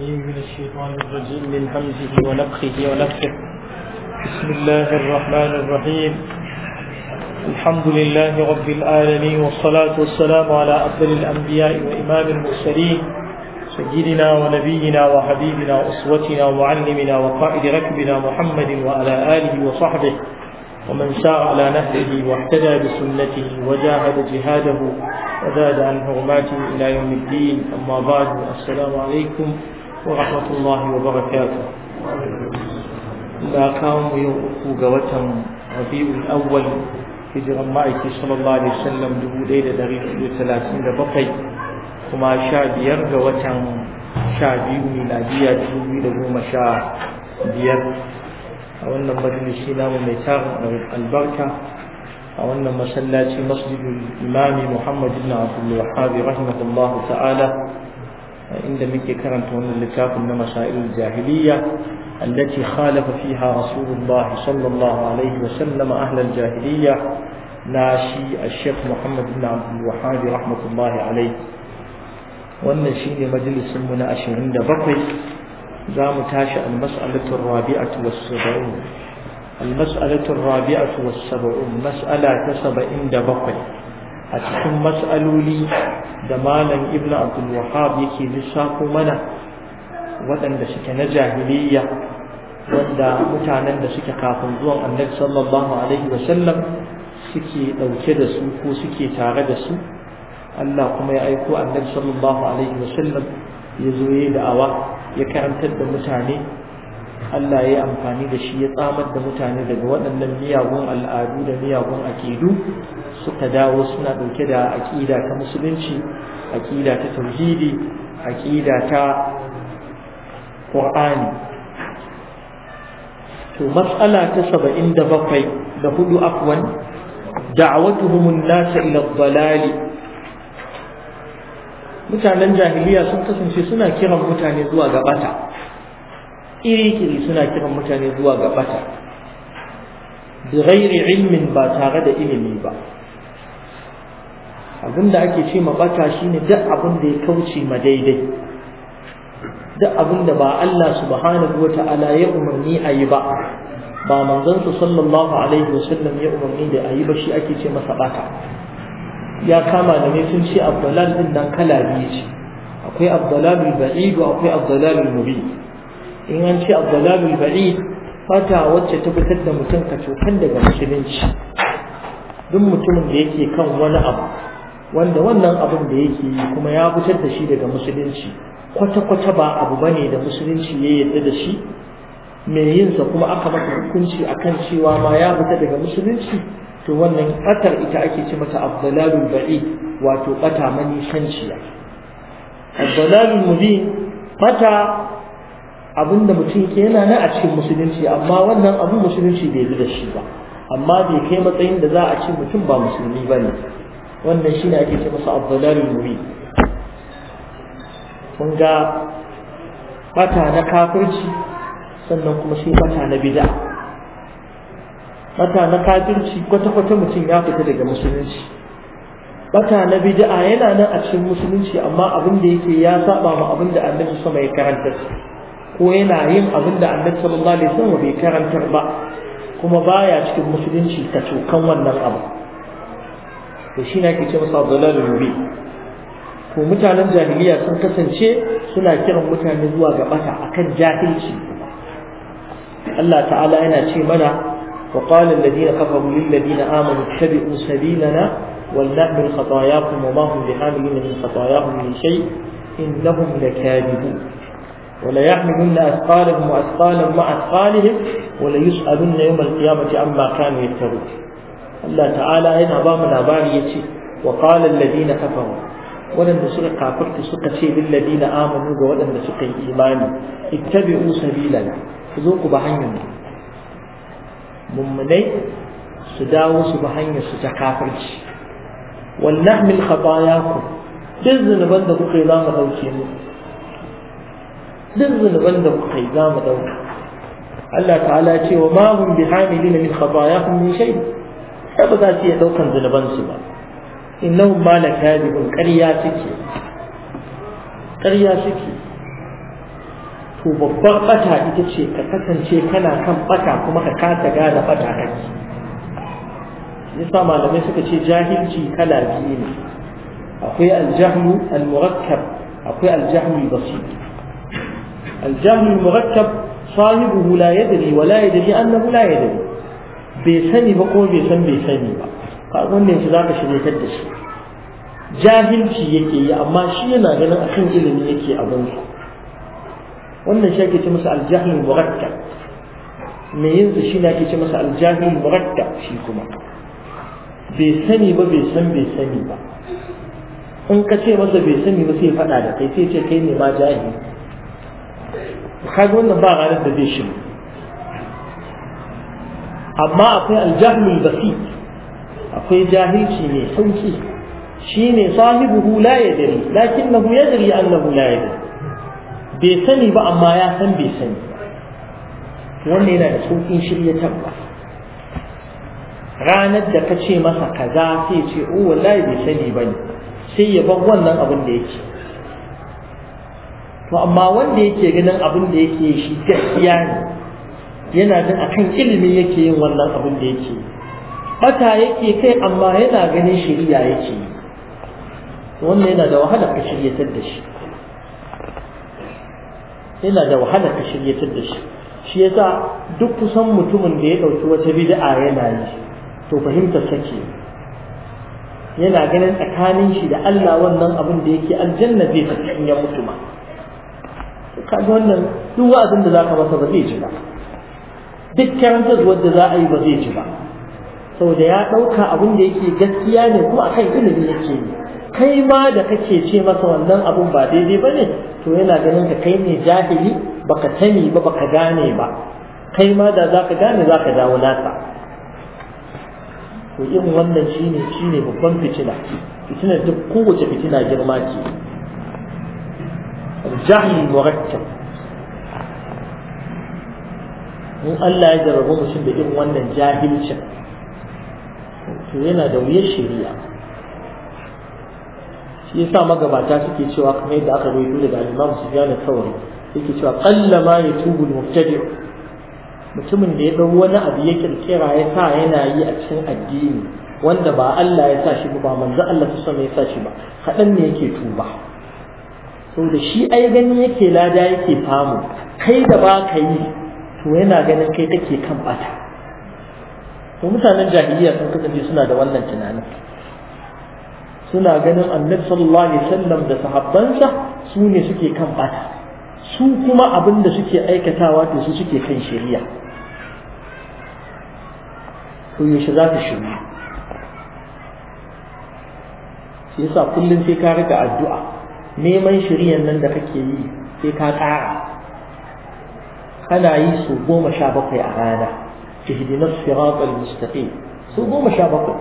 من الشيطان الرجيم من همزه ونفخه ونفخه بسم الله الرحمن الرحيم الحمد لله رب العالمين والصلاة والسلام على أفضل الأنبياء وإمام المرسلين سيدنا ونبينا وحبيبنا وأسوتنا ومعلمنا وقائد ركبنا محمد وعلى آله وصحبه ومن سار على نهجه واهتدى بسنته وجاهد جهاده وزاد عن حرماته إلى يوم الدين أما بعد السلام عليكم ورحمة الله وبركاته uku ga يوقف قوة ربيع الأول hijiran ma'aiki sallallahu alaihi wasallam dubu ɗaya da ɗari hudu talatin da bakwai kuma sha biyar ga watan sha biyu miladiya dubu biyu da goma sha biyar a wannan majalisi namu mai tarin albarka a wannan masallaci masjidul imami muhammad ibn abdul wahhab rahimahullahu ta'ala inda muke karanta wannan littafin na masailul jahiliya allati khalafa fiha rasulullah sallallahu alaihi wa sallam ahlal jahiliya na shi al-sheikh muhammad ibn abdul wahhab rahmatullahi alaihi wannan shine majalisin mu na da bakwai zamu tashi al-mas'alatu ar-rabi'atu was-sab'un المسألة الرابعة والسبعون مسألة تسبعين دبقي أتكم مسألة لي دمالا ابن عبد الوهاب يكي لساق منا وأن دسك نجاهلية وأن متعنا دسك كافن زوان النبي صلى الله عليه وسلم سكي أو كده سوكو سكي تاغد سو الله كما يأيكو النبي صلى الله عليه وسلم يزوي دعوة يكرم تد متعني Allah ya yi amfani da shi ya tsamar da mutane daga waɗannan miyagun al'adu da miyagun aƙidu suka dawo suna ɗauke da aƙida ta musulunci aƙida ta tauhidi aƙida ta ƙur'ani to matsala ta saba'in da bakwai da hudu afwan da'awatuhumun nasa ila balali. mutanen jahiliya sun kasance suna kiran mutane zuwa gabata. iri-iri suna kiran mutane zuwa ga bata ghairi ilmin ba tare da ilimi ba abin da ake ce mabata shine duk abin da ya kauce ma daidai duk abin da ba Allah subhanahu wa ta'ala ya umarni a yi ba ba manzon su sallallahu alaihi wa ya umarni da a ba shi ake ce masa bata ya kama da ne sun ce abdalal din nan kala biyu ce akwai abdalalul ba'id akwai abdalalul mubin in an ce abdullabin ba'id fata wacce ta fitar da mutum ka cokan daga musulunci duk mutumin da yake kan wani abu wanda wannan abin da yake yi kuma ya fitar da shi daga musulunci kwata-kwata ba abu bane da musulunci ya yarda da shi mai yinsa kuma aka masa hukunci a kan cewa ma ya fita daga musulunci to wannan ƙatar ita ake ci mata abdullabin ba'id wato ƙata manishanciya abdullabin mubin fata abin da mutum ke yana nan a cikin musulunci amma wannan abin musulunci bai bi da shi ba amma bai kai matsayin da za a ce mutum ba musulmi ba ne wannan shi ne ake ce masa abdullahi muri mun ga bata na kafirci sannan kuma sai bata na bid'a bata na kafirci kwata-kwata mutum ya fita daga musulunci bata na bid'a yana nan a cikin musulunci amma abin da yake ya saba ma abin da annabi sama ya karanta ko yana yin abin da annabi sallallahu alaihi wasallam bai karantar ba kuma baya cikin musulunci ta cokan wannan abu to shi ne ake ce masa abdullahi rubi Ko mutanen jahiliya sun kasance suna kiran mutane zuwa ga bata akan jahilci Allah ta'ala yana ce mana wa qala alladhina kafaru lil ladina amanu ittabi'u sabilana wal nahmil khatayakum wa ma hum bihamilin min khatayakum min shay innahum lakadibun ولا يحملن أثقالهم وأثقالا مع أثقالهم ولا يسألن يوم القيامة عما كانوا يفترون الله تعالى هنا بام الأبار يتي وقال الذين كفروا ولن نسرق كافرت سكة للذين آمنوا ولن نسرق إيمان اتبعوا سبيلنا فذوقوا بحينا ممني سداو سبحانه ستكافرش ولنحمل خطاياكم جزنا بندقوا قيلان غوشي duk zunuban da kuka yi za mu ɗauka Allah ta'ala ce wa ma hum bihamilina min khatayahum min shay sai ba za su iya ɗaukan zunuban su ba innahum ma lakadibun ƙarya suke ƙarya suke to babbar bata ita ce ka kasance kana kan bata kuma ka kasa gane bata kake yasa malamai suka ce jahilci kala biyu ne akwai aljahlu al-murakkab akwai aljahlu basir الجهل المركب صاحبه لا يدري ولا يدري انه لا يدري بيسني بكو بيسن بيسني با قال من ينسى ذاك الشيء يكدس جاهل شيء يكي اما شيء لا غنى اخن علم يكي ابنك wannan shi ake ce masa aljahil muratta me yanzu shi ne ake ce masa aljahil muratta shi kuma bai sani ba bai san bai sani ba in ka ce masa bai sani ba sai faɗa da kai sai kai ne ma jahili kaga wannan ba ranar da zai shiru amma akwai aljahmul basit akwai jahilci mai sauki shine sahibuhu la yadri lakinnahu yadri annahu la yadri bai sani ba amma ya san bai sani wannan yana da sauƙin shirya tabbas ranar da ka ce masa kaza sai ce o oh, wallahi bai sani ba ne." sai ya bar wannan abin da yake to amma wanda yake ganin abin da yake shi gaskiya ne yana da akan ilimi yake yin wannan abin da yake bata yake kai amma yana ganin shari'a yake wannan yana da wahala ka shiryatar da shi yana da wahala ka shiryatar da shi shi yasa duk kusan mutumin da ya dauki wata bid'a yana yi to fahimtar sake yana ganin tsakanin shi da Allah wannan abin da yake aljanna zai tafi cikin ya mutu ma kaga wannan duk wa'azin da zaka masa ba zai ji ba duk karantar wanda za a yi ba zai ji ba saboda ya ɗauka abin da yake gaskiya ne kuma akan ilimi yake yi kai ma da kake ce masa wannan abin ba daidai ba ne to yana ganin ka kai ne jahili baka sani ba baka gane ba kai ma da za ka gane za ka dawo nasa to irin wannan shine shine babban fitina fitinar duk kowace fitina girma ce jahil murattab in Allah ya jarrabu mutum da irin wannan jahilcin to yana da wuyar shari'a shi yasa magabata suke cewa kamar yadda aka rawaito daga Imam Sufyan al-Thawri yake cewa qalla ma yatubu al-mubtadi' mutumin da ya dau wani abu ya kirkira ya sa yana yi a cikin addini wanda ba Allah ya sa shi ba manzo Allah ta ya sa shi ba kadan ne yake tuba da shi ai gani yake lada yake famu kai da ba ka yi to yana ganin kai kake kan bata to mutanen jahiliya sun kasance suna da wannan tunanin suna ganin annabi sallallahu alaihi wasallam da sahabbansa su ne suke kan bata su kuma abin da suke aikatawa to su suke kan shari'a to yaushe za ka shiga. shi yasa kullum sai ka rika addu'a neman shiriyan nan da kake yi sai ka ƙara kana yi su goma sha bakwai a rana na siratal mustaqim su goma sha bakwai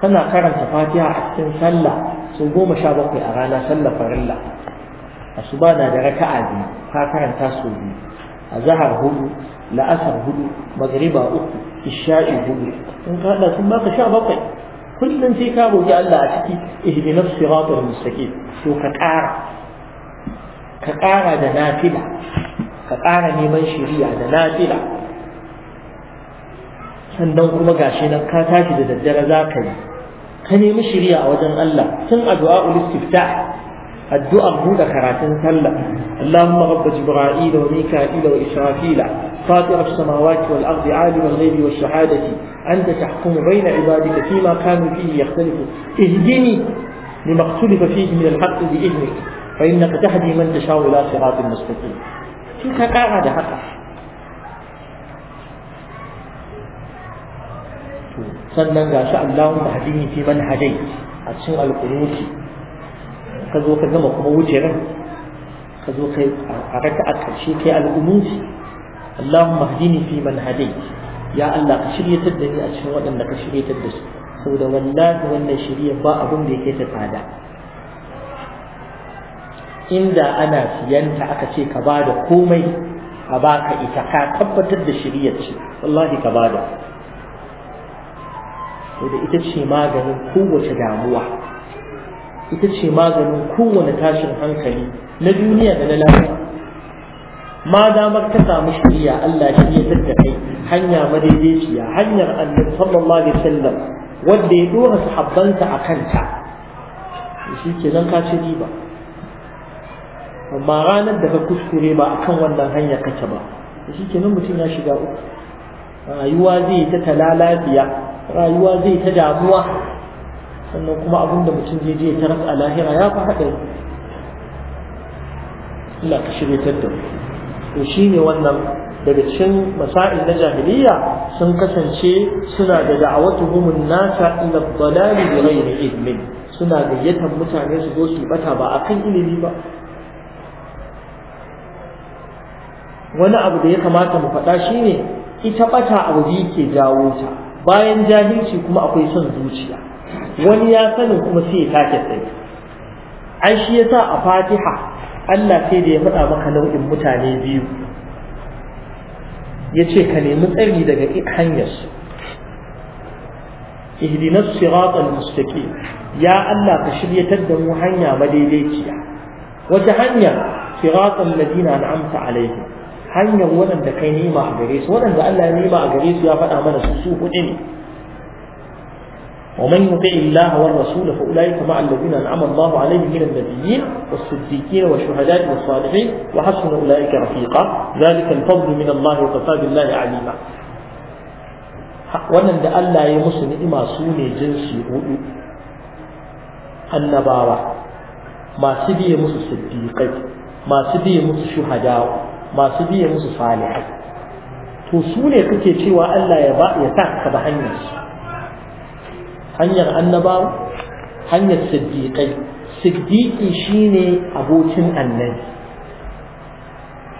kana karanta fatiha a cikin sallah su goma sha bakwai a rana sallah farilla asuba na da raka'a biyu ka karanta su biyu zahar hudu la'asar hudu magriba uku isha'i hudu in ka haɗa sun baka sha bakwai kullum sai ka roƙi Allah a ciki ihdina siratal mustaqim to ka ƙara ka ƙara da nafila ka ƙara neman shari'a da nafila sannan kuma gashi nan ka tashi da daddare za ka yi ka nemi shari'a a wajen Allah tun a du'a ulistifta addu'ar buɗe karatun sallah Allahumma rabba jibra'il wa mika'il wa israfil fatir as-samawati wal ardi alim al-ghaibi wash shahadati anta tahkumu bayna ibadika fima kanu fihi yakhtalifu ihdini lima ikhtalafa fihi min al-haqq bi idnik fa innaka tahdi man tasha'u ila siratin mustaqim shi ka kara da haka sannan gashi Allahumma hadini fi man hadayt a cikin alƙunuti ka zo ka gama kuma wucirin ka zo kai a raka a ƙarshe kai al'umuti Allahumma hadini fi man ya Allah ka shiryatar da ni a cikin waɗanda ka shiryatar da su saboda wallahi wannan shirya ba abun da yake ta tsada inda ana siyanta aka ce ka bada komai a baka ita ka tabbatar da shiriyar ce wallahi ka bada da ita ce maganin kowace damuwa ita ce maganin kowane tashin hankali na duniya da na lafiya ma damar ka samu shari'a Allah shi ya da kai hanya madaidaiciya hanyar annabi sallallahu alaihi wasallam wanda ya dora sahabbansa a kanta shi ke nan ka ci riba amma ranar da ka kuskure ba akan wannan hanya kake ba shi ke nan mutum ya shiga uku rayuwa zai ta talalafiya rayuwa zai ta damuwa sannan kuma da mutum zai je taras a lahira ya fi haɗari Allah ka shirya ta To shi ne wannan daga cikin masail na jahiliya sun kasance suna da da'awatuhumun nasa ila dalali bi ghairi ilmin suna gayyatar mutane su zo su bata ba akan ilimi ba wani abu da ya kamata mu faɗa shine ita bata abu biyu ke jawo ta bayan jahilci kuma akwai son zuciya wani ya sanin kuma sai ya sake sani ai shi yasa a fatiha Allah sai da ya faɗa maka nau'in mutane biyu ya ce ka nemi tsari daga hanyarsu ihdina siratal mustaqim ya Allah ka shiryatar da mu hanya madaidaiciya wata hanya siratal ladina an'amta alaihim hanyar waɗanda kai nima a gare su waɗanda Allah ya nima a gare su ya faɗa mana su su hudu ne ومن يطع الله والرسول فأولئك مع الذين أنعم الله عليهم من النبيين والصديقين والشهداء والصالحين وحسن أولئك رفيقا ذلك الفضل من الله وكفى بالله عليما wannan da Allah ya musu ni'ima su ne jinsi hudu annabawa masu biye musu siddiqai masu biye musu shuhada masu biye musu salihai to su ne kake cewa Allah ya ba ya sa ka da hanyar su hanyar annabawa hanyar siddiƙai siddiƙi shine abokin annabi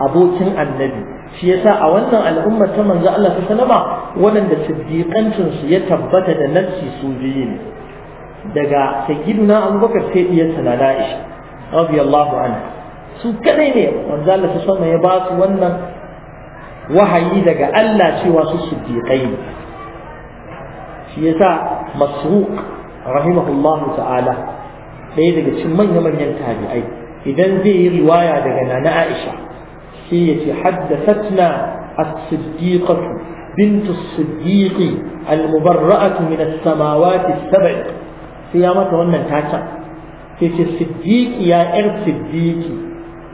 abokin annabi shi yasa a wannan al'ummar ta manzo Allah ta salama waɗanda siddiƙancin su ya tabbata da nafsi su biyu ne daga sayyiduna Abubakar sai diyarsa na Aisha radiyallahu anhu. su kadai ne manzo Allah ta salama ya ba su wannan wahayi daga Allah cewa su siddiƙai ne shi yasa masruq rahimahullahu ta'ala ɗaya daga cikin manya-manyan tabi'ai idan zai yi riwaya daga nana Aisha sai ya ce haddathatna as-siddiqatu bint as-siddiq al-mubarra'atu min as-samawati as-sab' sai ya mata wannan tacan sai ce siddiqi ya yar siddiqi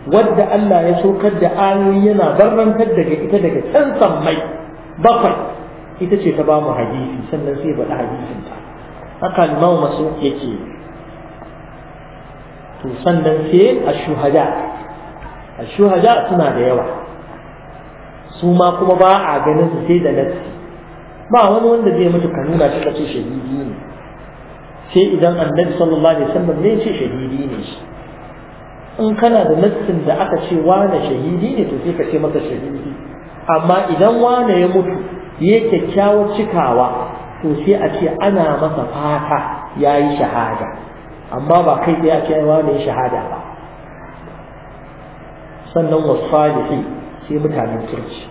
wadda Allah ya saukar da ayoyi yana barrantar daga ita daga can sammai bakwai ita ce ta ba mu hadisi sannan sai faɗi hadisin ta haka limamu masu yake to sannan sai a shuhada a shuhada suna da yawa su ma kuma ba a ganin su sai da nassi ba wani wanda zai mutu ka nuna shi kace shahidi ne sai idan annabi sallallahu alaihi wasallam ne ce shahidi ne shi in kana da nassin da aka ce wane shahidi ne to sai ka ce masa shahidi amma idan wane ya mutu ya kyakkyawar cikawa to sai a ce ana masa fata ya yi shahada amma ba kai ɗaya ce yawa ne shahada ba sannan wasu salihi sai mutanen kirki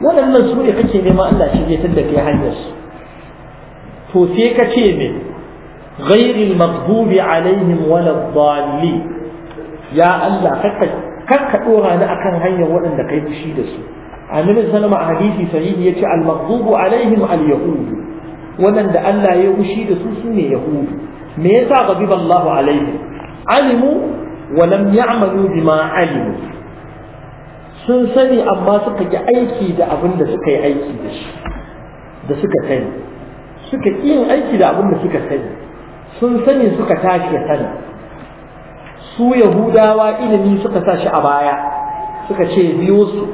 waɗannan su ne kake nema Allah shi zai tunda kai hanyar su to sai ka ce me ghairil maghdubi alaihim wala dhalli ya Allah kakka kakka dora ni akan hanyar waɗanda kai fushi da su annabi sallama a hadisi sahihi yace al-maghdubu alaihim al-yahud wannan da Allah ya wushi da su ne yahudu me yasa ghadiba Allahu alaihim alimu wa lam ya'malu bima alimu sun sani amma suka yi aiki da abin da suka yi aiki da shi da suka sani suka ƙi yin aiki da abin da suka sani sun sani suka tashi ya sani su yahudawa ilimi suka sa shi a baya suka ce biyo su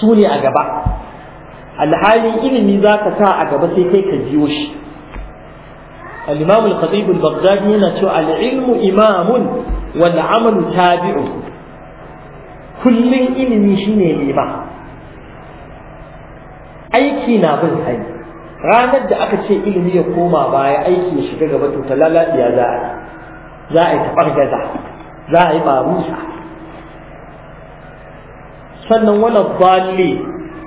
su ne a gaba alhalin ilimi za ka sa a gaba sai kai ka jiwo shi al-imam baghdadi yana cewa al'ilmu imamun wal amalu tabi'un kullun ilimi shine liman aiki na bin sai ranar da aka ce ilimi ya koma baya aiki ya shiga gaba to talala za a za a yi gaza, za a yi barusa sannan wani balli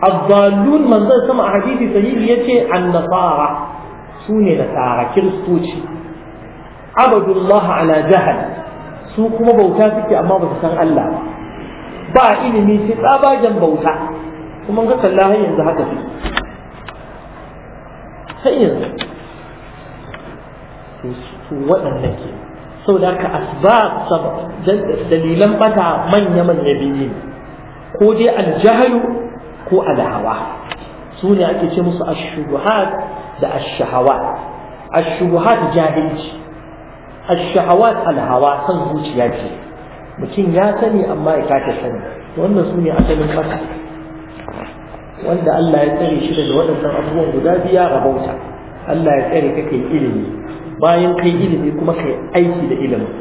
abbalun manzon sama a hadisi sahihi yace annasara su ne da tsara kiristoci abadullah ala jahal su kuma bauta suke amma ba su san Allah ba ilimi sai tsabagen bauta kuma ga kalla har yanzu haka su. Sai yanzu Su waɗannan ke saboda ka asbab dalilan bata manya manya biyu ne ko dai aljahalu ko alhawa su ne ake ce musu ashubuhat da ashahawa ashubuhat jahilci ashahawat alhawa san zuciya ce mutum ya sani amma ya kace sani wannan su ne asalin mata wanda Allah ya tsare shi daga waɗannan abubuwan guda biya rabauta Allah ya tsare ka kai ilimi bayan kai ilimi kuma kai aiki da ilimin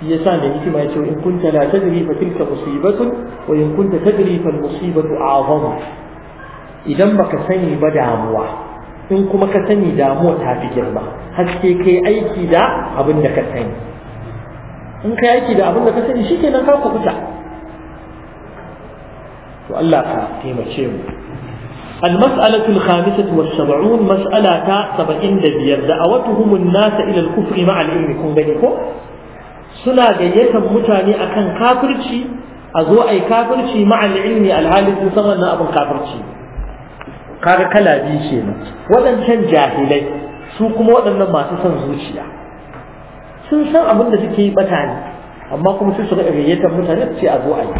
shi ya sa da hikima ya ce in kunta la tadri fa tilka musibatun wa in kunta tadri fa musibatu a'zam idan baka sani ba damuwa in kuma ka sani damuwa ta fi girma haske kai aiki da abin da ka sani in kai aiki da abin da ka sani shikenan ka kuta to Allah ka taimake mu المسألة الخامسة والسبعون مسألة سبعين دبير دعوتهم الناس إلى الكفر مع العلم كون بينكم suna gayyatar mutane akan kafirci a zo ai kafirci ma'al ilmi alhali sun san wannan abin kafirci kaga kala biyu kenan waɗancan jahilai su kuma waɗannan masu son zuciya sun san abin da suke yi bata ne amma kuma su suka gayyatar mutane su ce a zo a yi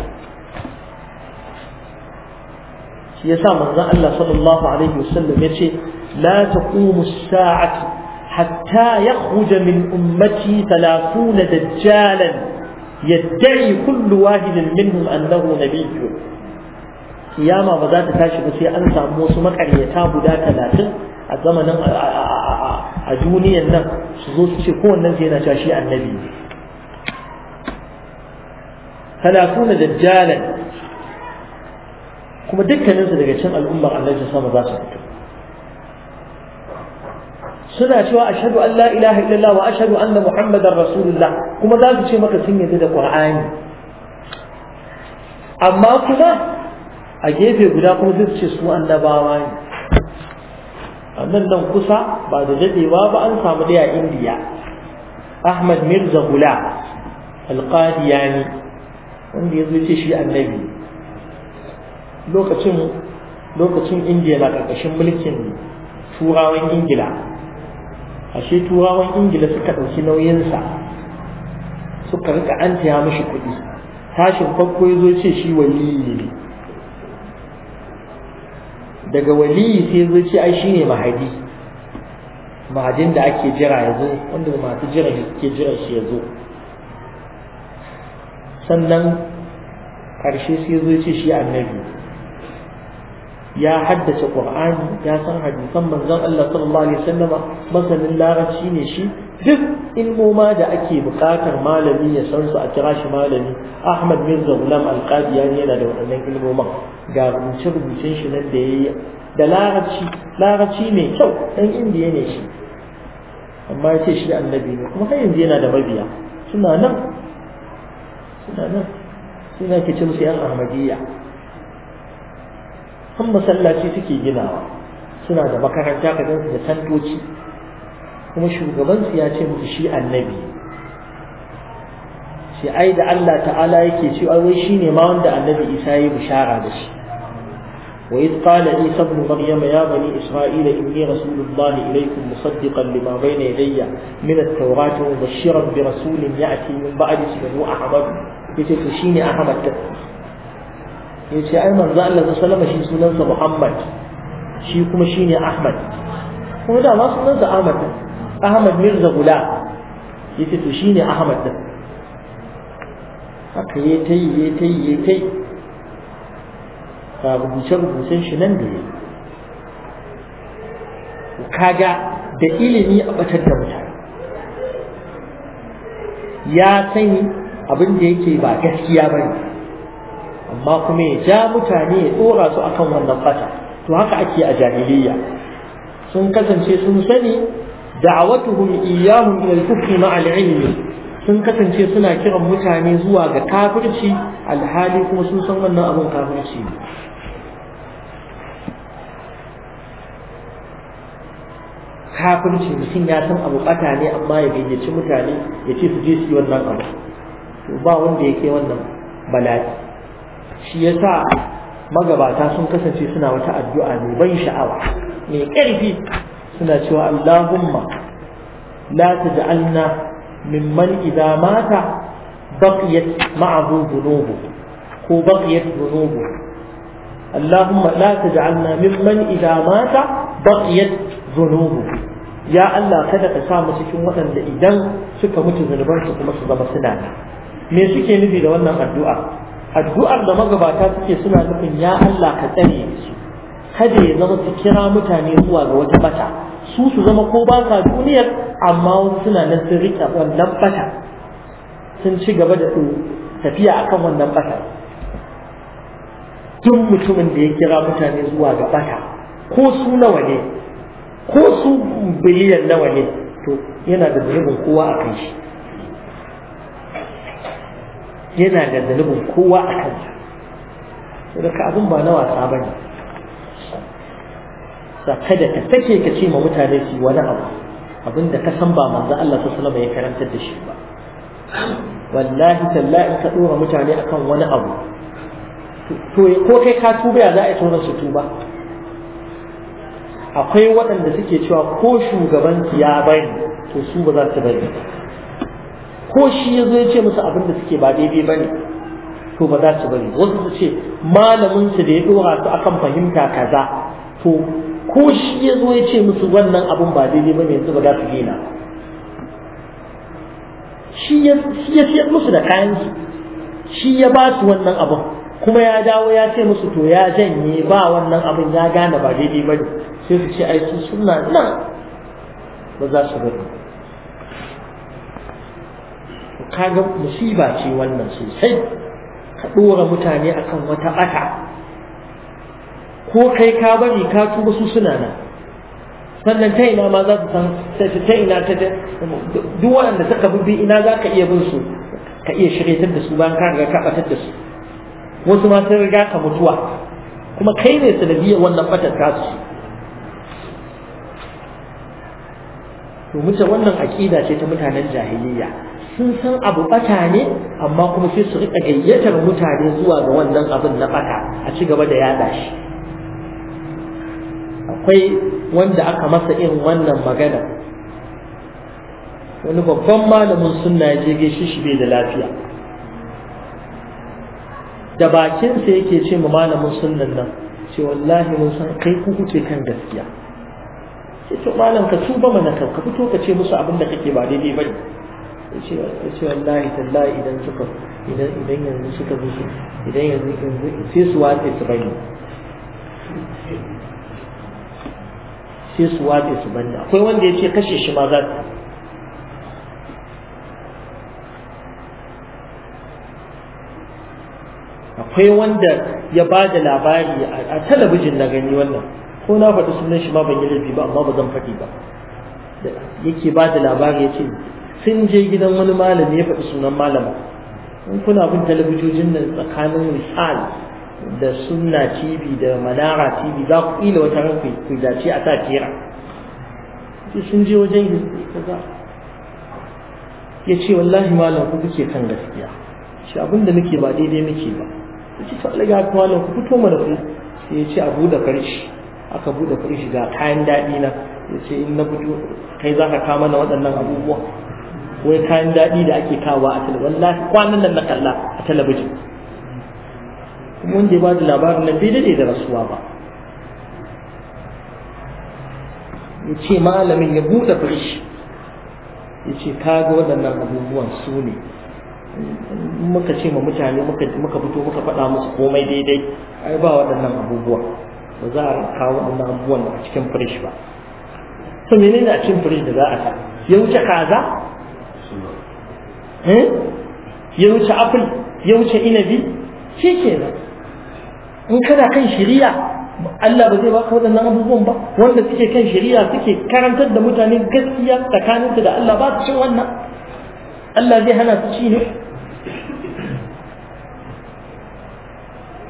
shi yasa manzon Allah sallallahu alaihi wasallam yace la taqumu as-sa'atu حتى يخرج من أمتي ثلاثون دجالا يدعي كل واحد منهم أنه نبي يا ما بذات تاشب سي أنسى موسمك أن يتاب ذات ثلاثين الزمن أجوني أنه سوزوس شكون نزينا شاشي النبي ثلاثون دجالا كما دكا ننسى دكا الأمة عن نجل سامة ذات ثلاثين suna cewa ashadu an la ilaha illallah wa an anna muhammadar rasulullah kuma za su ce maka sun yadda da ƙur'ani. amma kuma a gefe guda kuma sai su ce su annabawa ne a nan nan kusa ba da dadewa ba an samu daya indiya ahmad mirza gula ne. wanda ya zo ce shi annabi lokacin lokacin indiya na ƙarƙashin mulkin turawan ingila ashe turawan ingila suka ɗauki nauyinsa suka rika an taya mashi kuɗi tashin farko ya zo ce shi waliyi ne daga waliyi sai zo ce ai shine mahadi mahadin da ake jira ya zo wanda masu jira ke jira shi ya zo sannan ƙarshe sai zo ce shi annabi ya haddace qur'ani ya san hadisan manzon Allah sallallahu alaihi wasallam masanin larabci ne shi duk ilmoma da ake buƙatar malami ya san su a kira shi malami Ahmad Mirza Gulam Al-Qadiyani yana da waɗannan ilmoman ga rubuce rubucen shi nan da yayi da larabci larabci mai kyau dan indiya ne shi amma ya ce shi annabi ne kuma har yanzu yana da mabiya suna nan suna nan suna ke ce musu yan ahmadiyya sun masallaci suke ginawa suna da makaranta ka gansu da tantoci kuma shugabansu ya ce musu shi annabi shi ai da Allah ta'ala yake ci wai shine ne ma wanda annabi isa ya yi bishara da shi wa iz qala isa ibn maryam ya bani isra'ila inni rasulullahi ilaykum musaddiqan lima bayna yadayya min at-taurati wa mubashiran bi rasulin ya'ti min ba'di ismihi ahmad yace to shine ahmad ya ce ai manzo Allah ta salama shi sunansa Muhammad shi kuma shi ne Ahmad kuma da ma sunansa Ahmad Ahmad Mirza Gula yace to shi ne Ahmad din haka ya ta yi ya ta yi ya rubuce-rubucen shi nan da ya kaga da ilimi a batar da mutane ya sani abin da yake ba gaskiya bane. amma kuma ya ja mutane ya tsora su akan wannan fata to haka ake a jahiliya sun kasance sun sani da'awatuhum iyyahum ila al-kufri ma'a al-ilm sun kasance suna kiran mutane zuwa ga kafirci alhali kuma sun san wannan abin kafirci kafirci mutum ya san abu bata ne amma ya gayyaci mutane ya ce su je su yi wannan abu ba wanda ya ke wannan bala'i shi yasa magabata sun kasance suna wata addu'a mai ban sha'awa mai ƙarfi suna cewa Allahumma la taj'alna mimman idza mata baqiyat ma'ahu dhunubu ko baqiyat dhunubu Allahumma la taj'alna mimman idza mata baqiyat dhunubu ya Allah kada ka sa mu cikin waɗanda idan suka mutu zunubansu kuma su zama suna me suke nufi da wannan addu'a addu'ar da magabata suke suna nufin ya Allah ka tsare su kada ya zama su kira mutane zuwa ga wata bata su su zama ko ba sa duniyar amma wasu suna nan sun rike wannan bata sun ci gaba da su tafiya akan wannan bata duk mutumin da ya kira mutane zuwa ga bata ko su nawa ne ko su biliyan nawa ne to yana da zunubin kowa a kan shi yana da zunubin kowa a kansa ka abin ba na wasa ba ne kada ka take ka ce ma mutane su wani abu abin da ka san ba manzo Allah sallallahu alaihi ya karantar da shi ba wallahi tallahi in ka dora mutane akan wani abu to ko kai ka tuba ya za a yi sauran su tuba akwai waɗanda suke cewa ko shugabansu ya bari to su ba za su bari ko shi ya zo ya ce musu abin da suke ba daidai ba ne to ba za su bari wasu su ce malamin su da ya dora su akan fahimta kaza to ko shi ya zo ya ce musu wannan abin ba daidai ba ne su ba za su gina shi ya siyar musu da kayan su shi ya ba su wannan abin kuma ya dawo ya ce musu to ya janye ba wannan abin ya gane ba daidai ba ne sai su ce ai su suna nan ba za su bari kaga musiba ce wannan sosai ka ɗora mutane akan wata ɓata ko kai ka bari ka tuba su suna nan sannan ta ina ma za su san ta ina ta duk waɗanda suka bi ina za ka iya bin su ka iya shiryatar da su bayan ka ga ka batar da su wasu ma sun riga ka mutuwa kuma kai ne sanadiyar wannan ta su? to mutum wannan aƙida ce ta mutanen jahiliya sun san abu bata ne amma kuma sai su rika gayyatar mutane zuwa ga wannan abin na bata a ci gaba da yada shi akwai wanda aka masa irin wannan magana wani babban malamin sunna ya je gaishe shi bai da lafiya da bakinsa yake ce ma malamin sunnan nan ce wallahi mun san kai ku kuke kan gaskiya sai to malam ka tuba mana ka fito ka ce musu abin da kake ba daidai bane ya ce wallahi tallahi idan suka idan idan yanzu suka bi su idan yanzu yanzu sai su watse su bani sai su watse su banda akwai wanda ya ce kashe shi ma za ta akwai wanda ya ba da labari a talabijin na gani wannan ko na faɗi sunan shi ma ban yi laifi ba amma ba zan faɗi ba yake ba da labari ya ce sun je gidan wani malami ya faɗi sunan malama in kuna bin talabijojin nan tsakanin misal da sunna tv da manara tv za ku ila wata ran ku dace a sa kera sun je wajen kaza ya ce wallahi malam ku kuke kan gaskiya shi abinda muke ba daidai muke ba ya ce ta alaga ku malam ku fito mana ku sai ya ce a buɗe farshi aka buɗe farshi ga kayan daɗi na ya ce in na fito kai za ka kama na waɗannan abubuwa wai kayan daɗi da ake kawo a talabar kwanan nan na kalla a talabijin kuma wanda ya ba da labarin na bai daɗe da rasuwa ba ya ce malamin ya buɗe firish ya ce kaga waɗannan abubuwan su ne muka ce ma mutane muka fito muka faɗa musu komai daidai ai ba waɗannan abubuwan ba za a kawo waɗannan abubuwan a cikin firish ba to menene a cikin firish da za a ta ya wuce kaza Eh? ya wuce apple ya wuce inabi shi nan in kana kan shiriya Allah ba zai baka waɗannan abubuwan ba wanda suke kan shiriya suke karantar da mutane gaskiya tsakaninsu da Allah ba su cin wannan Allah zai hana su ci ne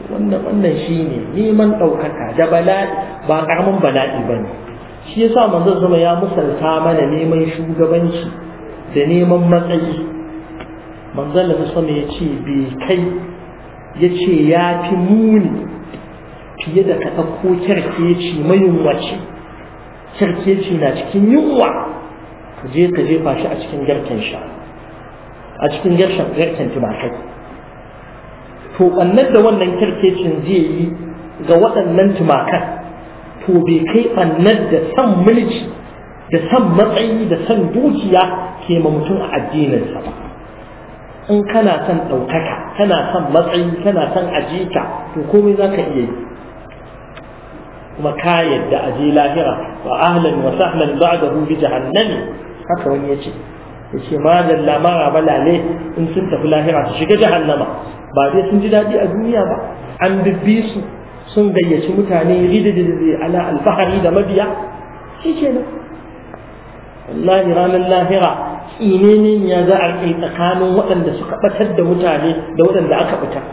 wannan wannan shi ne neman ɗaukaka da bala'i ba ƙaramin bala'i ba ne shi ya sa manzon zama ya musalta mana neman shugabanci da neman matsayi manzon da sama ya ce bai kai ya ce ya fi muni fiye da ka ɗauko kyarkeci mayunwaci kyarkeci na cikin yunwa ka je ka jefa shi a cikin garken sha a cikin garken tumakai to ɓannar da wannan kyarkecin zai yi ga waɗannan tumakan to bai kai ɓannar da san mulki da san matsayi da san dukiya ke ma mutum a addininsa ba in kana son ɗaukaka kana son matsayi kana son ajita to komai za ka iya yi kuma ka yadda aje lahira wa ahlan wa sahlan ba'dahu bi jahannami haka wani Ya ce ma dalla mara balale in sun tafi lahira su shiga jahannama ba dai sun ji daɗi a duniya ba an bibbi su sun gayyaci mutane ridididi ala alfahari da mabiya shi kenan wallahi ranar lahira tsinini ya za a yi tsakanin waɗanda suka ɓatar da mutane da waɗanda aka ɓatar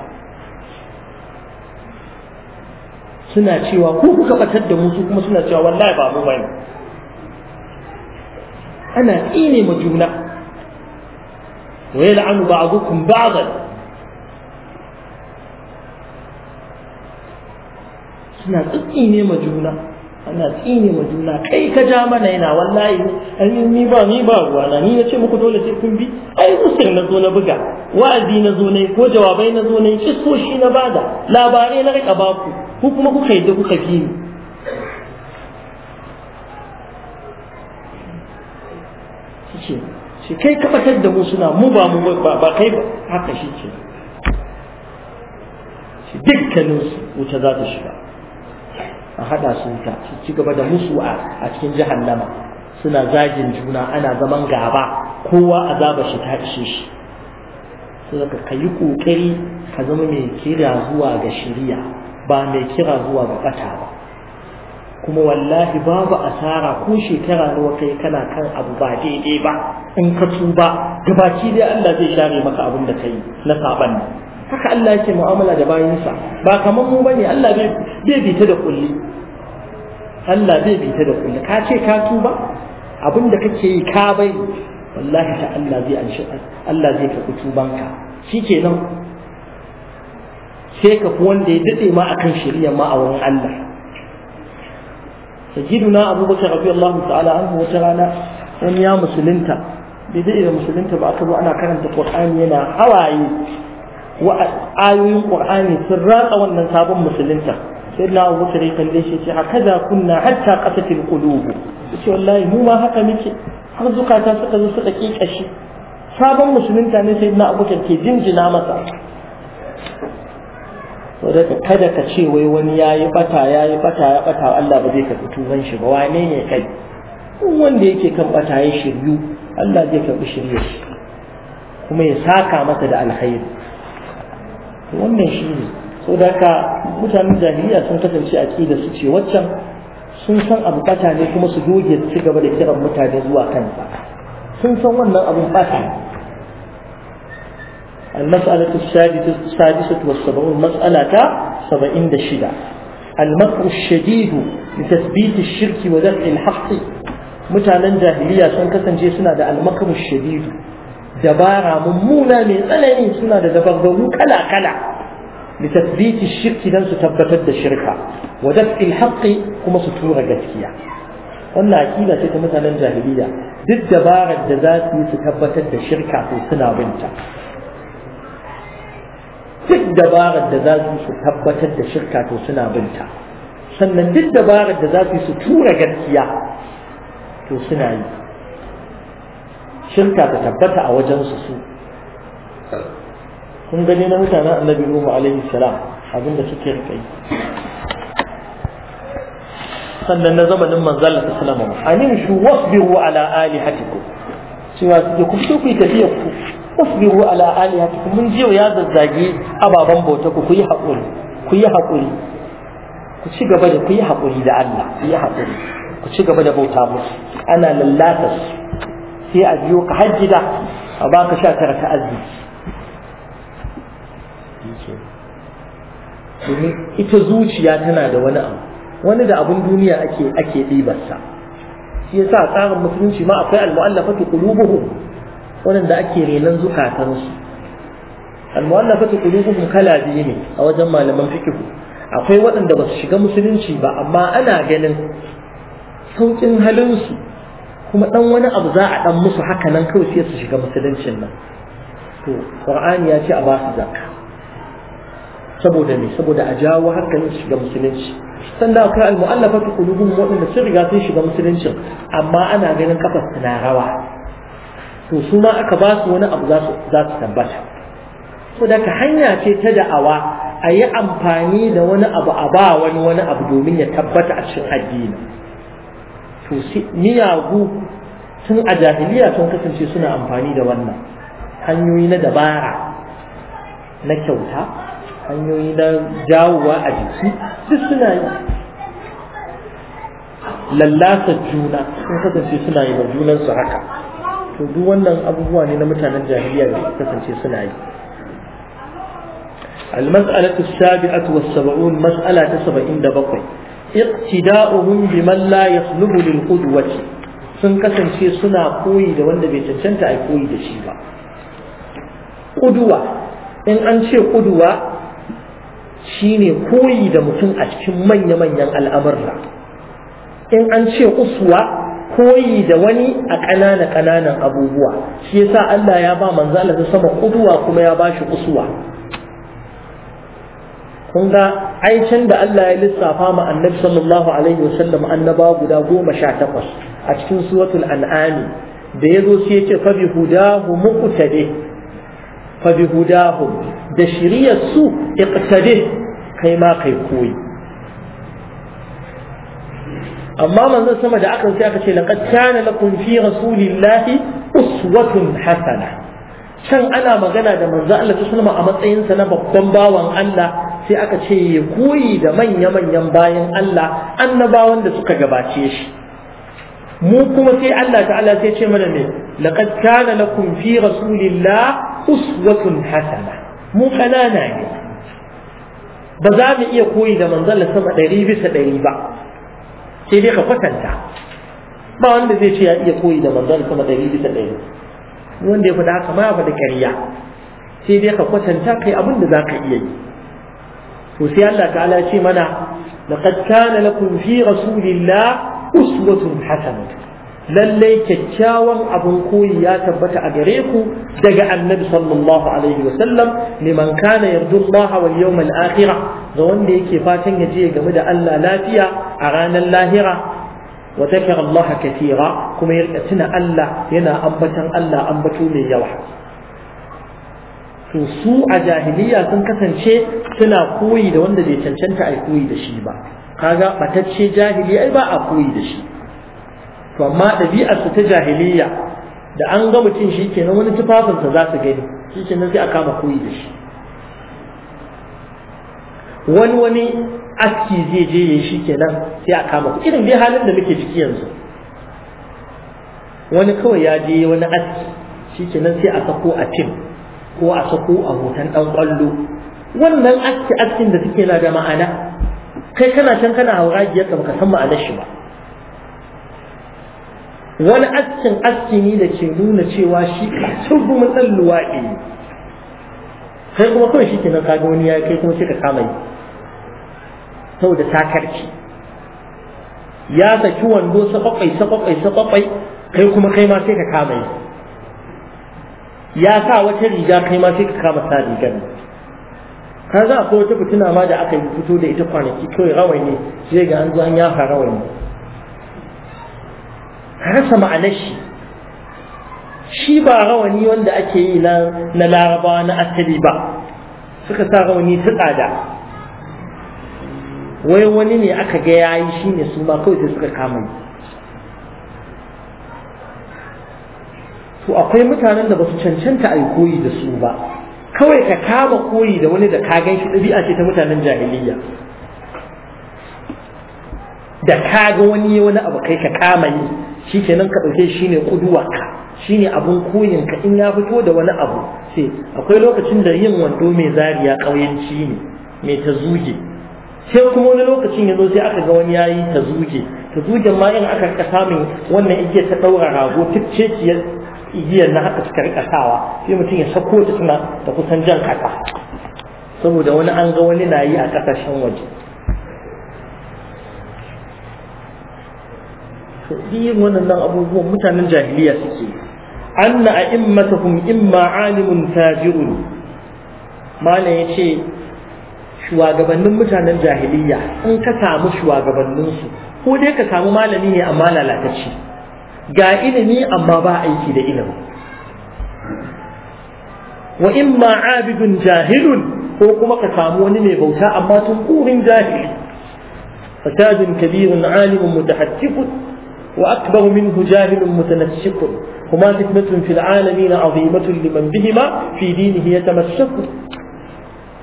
suna cewa ko kuka ɓatar da musu kuma suna cewa wallahi ba mu bane ana tsine ma juna wa yal'anu ba'dukum ba'dan suna tsine ma juna ana tsini wa juna kai ka ja mana yana wallahi ni ba ni ba na, ni na ce muku dole sai kun bi ai usir na zo na buga wa'azi na zo ne ko jawabai na zo ne shi na bada labarai na rika baku ku kuma kuka yadda kuka bi ni shi shi kai ka fatar da mu suna mu ba mu ba kai ba haka shi ce dukkaninsu wuta za ta shiga a haɗa su ta su ci gaba da musu a cikin lama. suna zagin juna ana zaman gaba kowa azaba shi ta ishe shi sai ka yi kokari ka zama mai kira zuwa ga shari'a ba mai kira zuwa ga bata ba kuma wallahi babu asara ko shekara nawa kai kana kan abu ba daidai ba in ka tuba gabaki dai Allah zai share maka abin da kai na saban nan haka Allah yake mu'amala da bayinsa ba kamar mu bane Allah bai bita da kulli Allah bai bita da kulli ka ce ka tuba abinda kake yi ka bai wallahi ta Allah zai anshi Allah zai karɓi tubanka shikenan sai ka fi wanda ya dade ma akan shari'a ma a wurin Allah sajiduna abubakar radiyallahu ta'ala anhu wata rana wani ya musulunta bai da musulunta ba aka zo ana karanta qur'ani yana hawaye wa ayoyin qur'ani sun ratsa wannan sabon musulunta sai na abu bakar ya kalle shi ce hakaza kunna hatta qasatil qulub ce wallahi mu ma haka muke har zukata suka zo suka kika shi sabon musulunta ne sai na abu ke jinjina masa saboda kada ka ce wai wani yayi bata yayi bata ya bata Allah ba zai karbi tuban shi ba wane ne kai wanda yake kan bata ya shiryu Allah zai karbi shiryar shi kuma ya saka masa da alkhairi wannan shi ne so da ka mutanen jahiliya sun kasance a kida su ce waccan sun san abu bata ne kuma su doge su gaba da kiran mutane zuwa kansa sun san wannan abu bata المسألة السادسة والسبعون مسألة سبعين دشدة المكر الشديد لتثبيت الشرك ودفع الحق متعلن جاهلية سنكسن جيسنا دا المكر الشديد dabara mummuna mai tsanani suna da dabarbaru kala-kala litathbiti shirki don su tabbatar da shirka wa daf'il haqqi kuma su tura gaskiya wannan aƙila ce ta mutanen jahiliya duk dabarar da za su yi su tabbatar da shirka to suna binta duk dabarar da za su su tabbatar da shirka to suna binta sannan duk dabarar da za su yi su tura gaskiya to suna yi shirka ta tabbata a wajen su su kun gani na mutanen annabi Nuhu alaihi salam abinda suke rike sannan na zamanin manzal ta sallama anin shu wasbiru ala alihatikum cewa suke ku ku yi tafiya ku wasbiru ala alihatikum mun jiya ya zazzage ababan bauta ku ku yi haƙuri ku yi haƙuri ku ci gaba da ku yi haƙuri da Allah ku yi haƙuri ku ci gaba da bauta musu ana lallata su sai a biyo ka har gida a baka sha tara ta arziki domin ita zuciya tana da wani abu wani da abun duniya ake ake ɗibarsa shi yasa tsarin musulunci ma akwai al-mu'allafatu qulubuhum wanda ake renan zukatansu al-mu'allafatu qulubuhum kala biyu ne a wajen malaman fiqh akwai waɗanda ba su shiga musulunci ba amma ana ganin sauƙin halinsu kuma dan wani abu za a dan musu haka nan kawai sai su shiga musuluncin nan to qur'ani ya ce a ba su zakka saboda ne saboda a jawo hankalin su shiga musulunci sannan akwai al-mu'allafatu qulubuhum waɗanda sun riga sun shiga musuluncin amma ana ganin kafas na rawa to su ma aka ba su wani abu za su za su tabbata To daga hanya ce ta da'awa a yi amfani da wani abu a ba wani wani abu domin ya tabbata a cikin addini to miyagu sun a jahiliya sun kasance suna amfani da wannan hanyoyi na dabara na kyauta hanyoyi na jawowa a jiki duk suna yi lallasa juna sun kasance suna yi wa junansu haka to duk wannan abubuwa ne na mutanen jahiliya da kasance suna yi المسألة السابعة والسبعون مسألة سبعين دبقي iqtida'uhum biman la yakhlubu lil qudwati sun kasance suna koyi da wanda bai cancanta a koyi da shi ba kuduwa in an ce kuduwa shine koyi da mutum a cikin manya-manyan al'amurra in an ce uswa koyi da wani a ƙanana-ƙananan abubuwa shi yasa Allah ya ba manzo Allah sama kuduwa kuma ya ba shi uswa kun ga ai da Allah ya lissafa ma annabi sallallahu alaihi wasallam annaba guda goma sha takwas a cikin suratul an'ami da ya zo sai ya ce fabi hudahu muqtade fabi hudahu da shiriyar su iqtade kai ma kai koyi amma manzon sama da aka sai aka ce laqad kana lakum fi rasulillahi uswatun hasana can ana magana da manzo Allah ta sallama a matsayinsa na babban bawan Allah sai aka ce ya koyi da manya-manyan bayan Allah annabawan da suka gabace shi mu kuma sai Allah ta'ala sai ce mana ne laqad kana lakum fi rasulillah uswatun hasana mu kanana ne ba za mu iya koyi da manzon sama ɗari bisa ɗari ba sai dai ka kwatanta ba wanda zai ce ya iya koyi da manzon sama ɗari bisa ɗari wanda ya faɗa haka ma ya faɗi ƙarya sai dai ka kwatanta kai abin da za ka iya yi to sai Allah ta'ala ce mana laqad na lakum fi rasulillah uswatun hasanah lallai kyakkyawan abun koyi ya tabbata a gare ku daga annabi sallallahu alaihi wasallam liman kana yardu Allah wal yawmal akhirah ga wanda yake fatan ya je game da Allah lafiya a ranar lahira wa takara Allah katira kuma ya tuna Allah yana ambatan Allah an ambato mai yawa to su a jahiliya sun kasance suna koyi da wanda bai cancanta a koyi da shi ba kaga batacce jahili ai ba a koyi da shi to amma ɗabi'ar su ta jahiliya da an ga mutum shi kenan wani sa za su gani shi kenan sai a kama koyi da shi wani wani aski zai je yi shi kenan sai a kama irin dai halin da muke ciki yanzu wani kawai ya je wani aski shi kenan sai a sako a tim ko a sako a hoton ɗan ƙwallo wannan aski-askin da suke na da ma'ana kai kana can kana hauragiyar ka baka san ma'anar shi ba wani askin, aski ne da ke nuna cewa shi turgumin ɗan luwaɗi ne kai kuma kawai shi kenan kaga wani ya kai kuma sai ka kama yi saboda takarci. ya saki wando sakwakwai sakwakwai sakwakwai kai kuma kai ma sai ka kama yi ya sa wata riga kai ma sai ka kama sa rigar ka za akwai wata fituna ma da aka yi fito da ita kwanaki kawai rawai ne sai ga an zo an fara rawai ne rasa ma'anar shi shi ba rawani wanda ake yi na larabawa na asali ba suka sa rawani ta tsada wai wani ne aka ga yayi shine su ma kawai sai suka kama yi to akwai mutanen da ba su cancanta a yi koyi da su ba kawai ka kama koyi da wani da ka gan shi ɗabi'a ce ta mutanen jahiliya da ka ga wani wani abu kai ka kama yi shi nan ka ɗauke shi ne ƙuduwarka shi ne abin koyinka in ya fito da wani abu ce akwai lokacin da yin wando mai zariya ƙauyenci ne mai ta zuge sai kuma wani lokacin ya zo sai aka ga wani yayi ta zuge ta zugen ma in aka samun wannan ike ta ɗaura rago ciyar? igiyar na haka suka rika sawa sai mutum ya sako ta suna da kusan jan kasa saboda wani an ga wani na yi a kasashen waje to yin wannan abubuwan mutanen jahiliya suke anna a'immatuhum imma alimun tajirun malam yace shugabannin mutanen jahiliya in ka samu shugabanninsu ko dai ka samu malami ne amma lalatacce ga ilimi amma ba aiki da ilimi wa in ma abidun jahilun ko kuma ka samu wani mai bauta amma tun kurin jahili fatajin kabirun alimun mutahattifun wa akbaru minhu jahilun mutanassikun kuma fitnatun fil alamin azimatun liman bihima fi dinihi yatamassaku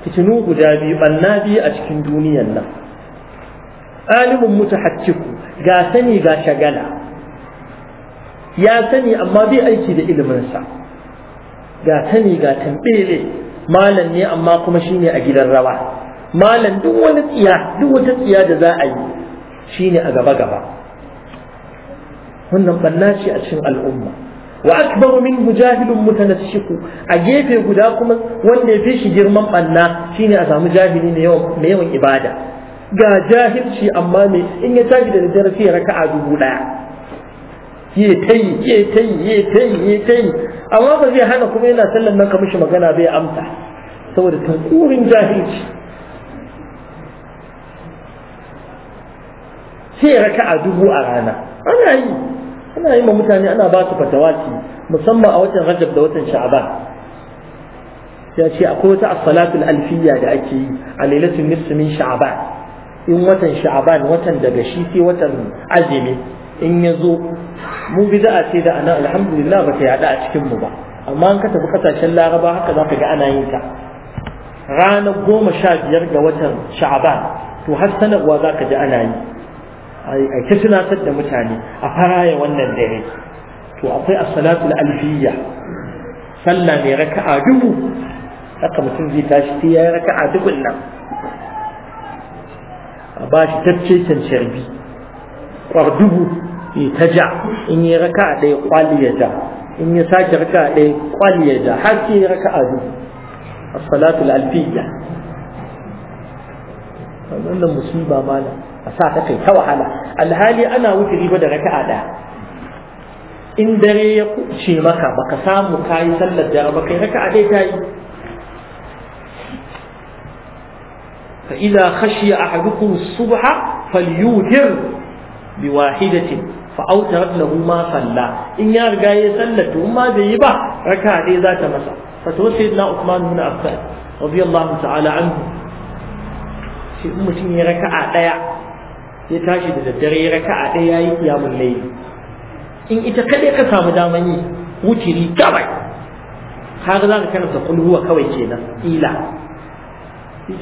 fitinu guda biyu banna biyu a cikin duniyar nan alimun mutahakkiku ga sani ga shagala ya sani amma bai aiki da iliminsa ga sani ga tambere malam ne amma kuma shine a gidan rawa malam duk wani tsiya duk wata tsiya da za a yi shine a gaba gaba wannan banna ce a cikin al'umma wa akbaru minhu jahilun mutanassiku a gefe guda kuma wanda ya fi shi girman banna shine a samu jahili ne yawan yawan ibada ga jahilci amma me in ya tashi da darasi raka'a dubu daya ya ta yi ya ta yi ta yi ta yi amma ba zai hana kuma yana sallan nan ka mishi magana bai amsa saboda kurin jahilci sai raka a dubu a rana ana yi ana yi ma mutane ana ba su musamman a watan rajab da watan sha'aban ya ce akwai wata as-salatul alfiyya da ake yi a lailatul nisfi min sha'aban in watan sha'aban watan daga shi sai watan azumi in ya zo mu a ce da ana alhamdulillah ba ta yada a cikin mu ba amma an ka tafi kasashen laraba haka za ka ga ana yin ranar goma sha biyar ga watan sha'aban to har sanarwa za ka ji ana yi a ta tunatar da mutane a faraya wannan dare to akwai as-salatul sallah mai raka'a dubu haka mutum zai tashi sai ya raka'a dubun nan a ba shi tafce cancarbi kwar dubu yi ta ja in yi raka ɗaya kwali ya ja in ya sake raka ɗaya kwali ya ja har sai raka a biyu as-salatu al-alfiyya wannan musiba malam a sa ta kai ta wahala alhali ana wuce riba da raka'a ɗaya in dare ya kuce maka baka samu kayi sallar dare ba kai raka'a ɗaya ta yi فإذا خشي أحدكم الصبح فليوتر بواحدة fa autarat lahu ma salla in ya riga ya salla to ma bai yi ba raka dai za ta masa fa to sai na Uthman ibn Affan radiyallahu ta'ala anhu shi in mutum ya raka'a daya ya tashi da daddare ya raka'a daya yayi qiyamul layl in ita kada ka samu daman yi wutiri kawai kaga za ka karanta kulhuwa kawai kenan ila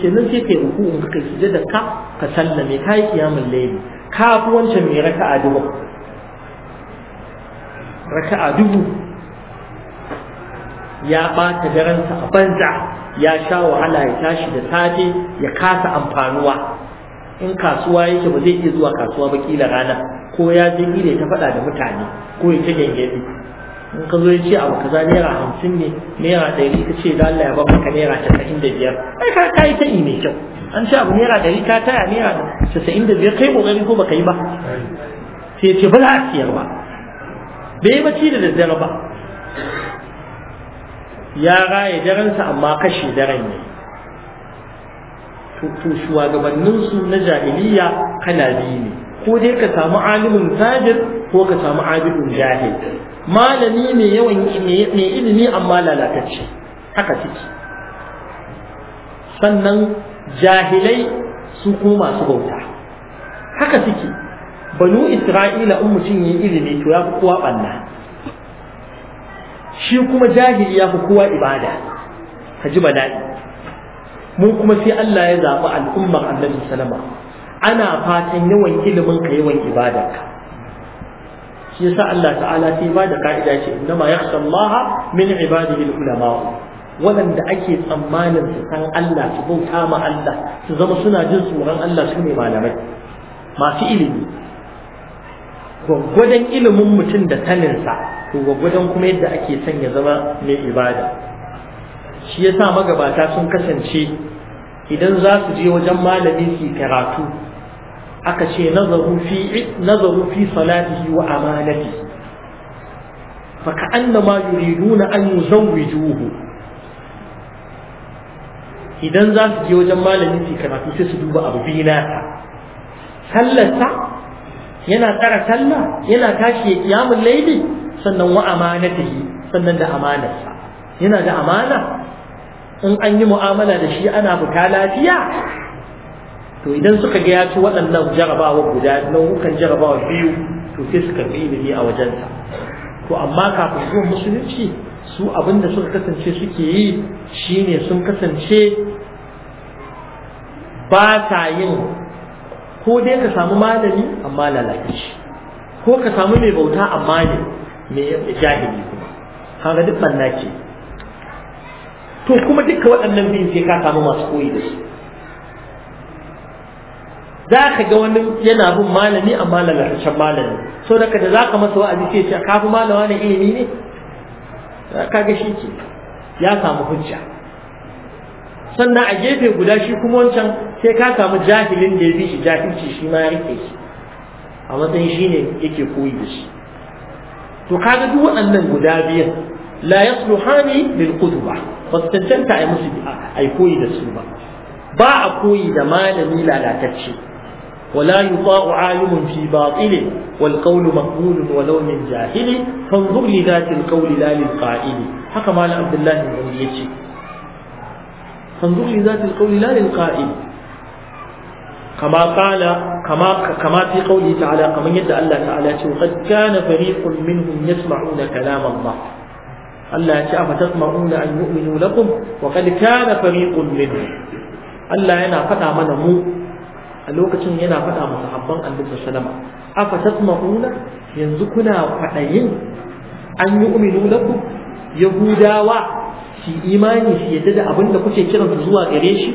shi nan sai kai ruku in kai sujada ka ka sallame kai qiyamul layl ka fi wancan mai raka'a dubu raka'a dubu ya ɓata daransa a banza ya sha wahala ya tashi da safe ya kasa amfanuwa in kasuwa yake ba zai iya zuwa kasuwa ba kila rana ko ya je kila ta faɗa da mutane ko ya ta gangaɗi in ka zo ya ce abu kaza naira hamsin ne naira ɗari ka ce Allah ya baka ka naira casa'in da biyar ai ka kai ta mai kyau an ce abu naira ɗari ka taya naira casa'in da biyar kai ƙoƙari ko baka yi ba sai ce ba za a ba bai bacci da daddare ba ya raya darensa amma kashe daren ne to shugabanninsu na jahiliya kana biyu ne ko dai ka samu alimin fajir ko ka samu abidun jahil malami mai yawan mai ilimi amma lalatacce haka suke. sannan jahilai su kuma masu bauta haka suke. banu isra'ila in mutum yi ilimi to ya fi kowa ɓanna shi kuma jahili ya fi kowa ibada ka ji bala'i mu kuma sai Allah ya zaɓi al'ummar annabi salama ana fatan yawan ilimin ka yawan ibadarka shi yasa Allah ta'ala sai ba da ka'ida ce inna ma yakhsha Allah min ibadihi ulama waɗanda ake tsammanin su san Allah su bauta ma Allah su zama suna jin tsoron Allah su ne malamai masu ilimi gwaggwadon ilimin mutum da saninsa to gwaggwadon kuma yadda ake son ya zama mai ibada shi yasa magabata sun kasance idan za su je wajen malami su karatu aka ce nazaru fi nazaru fi salatihi wa amanati fa ka'annama yuriduna an yuzawwijuhu idan za su je wajen malami su karatu sai su duba abu biyu nasa sallarsa yana tsara sallah yana tashi ya kiyamul laili sannan wa amanatihi sannan da amanarsa yana da amana in an yi mu'amala da shi ana fita lafiya to idan suka ga ya ci waɗannan jarabawa guda nau'ukan jarabawa biyu to sai suka ga ilimi a wajensa to amma kafin zuwan musulunci su abinda suka kasance suke yi shine sun kasance ba sa yin ko dai ka samu malami amma lalace, ko ka samu mai bauta amma ne mai jahili kuma kaga duk banna ce to kuma duka waɗannan biyun sai ka samu masu koyi da su za ka ga wani yana bin malami amma lalataccen malami so daga da za ka masa wa'azi sai ce ka fi malama ne, ilimi ne ka ga shi ke ya samu hujja sannan a gefe guda shi kuma wancan sai ka samu jahilin da ya bi shi jahilci shi ma ya rike shi a matsayin shi ne yake koyi da shi to kaga duk waɗannan guda biyan la yasluhani lil qudwa ba su tantanta a musu a koyi da su ba ba a koyi da malami lalatacce ولا يطاع عالم في باطل والقول مقبول ولو من جاهل فانظر لذات القول لا للقائل حكى مال عبد الله بن يتي فانظر لذات القول لا للقائل كما قال كما كما في قوله تعالى كما يدعى الله تعالى قد كان فريق منهم يسمعون كلام الله الله يشاء فتسمعون أن يؤمنوا لكم وقد كان فريق منهم الله ينا فتا من مو الوقت ينا فتا مصحبا عن بسم السلام أفتسمعون ينزكنا فتين أن يؤمنوا لكم يهودا في إيماني في يدد أبن لكم شيء كرم تزوى قريشي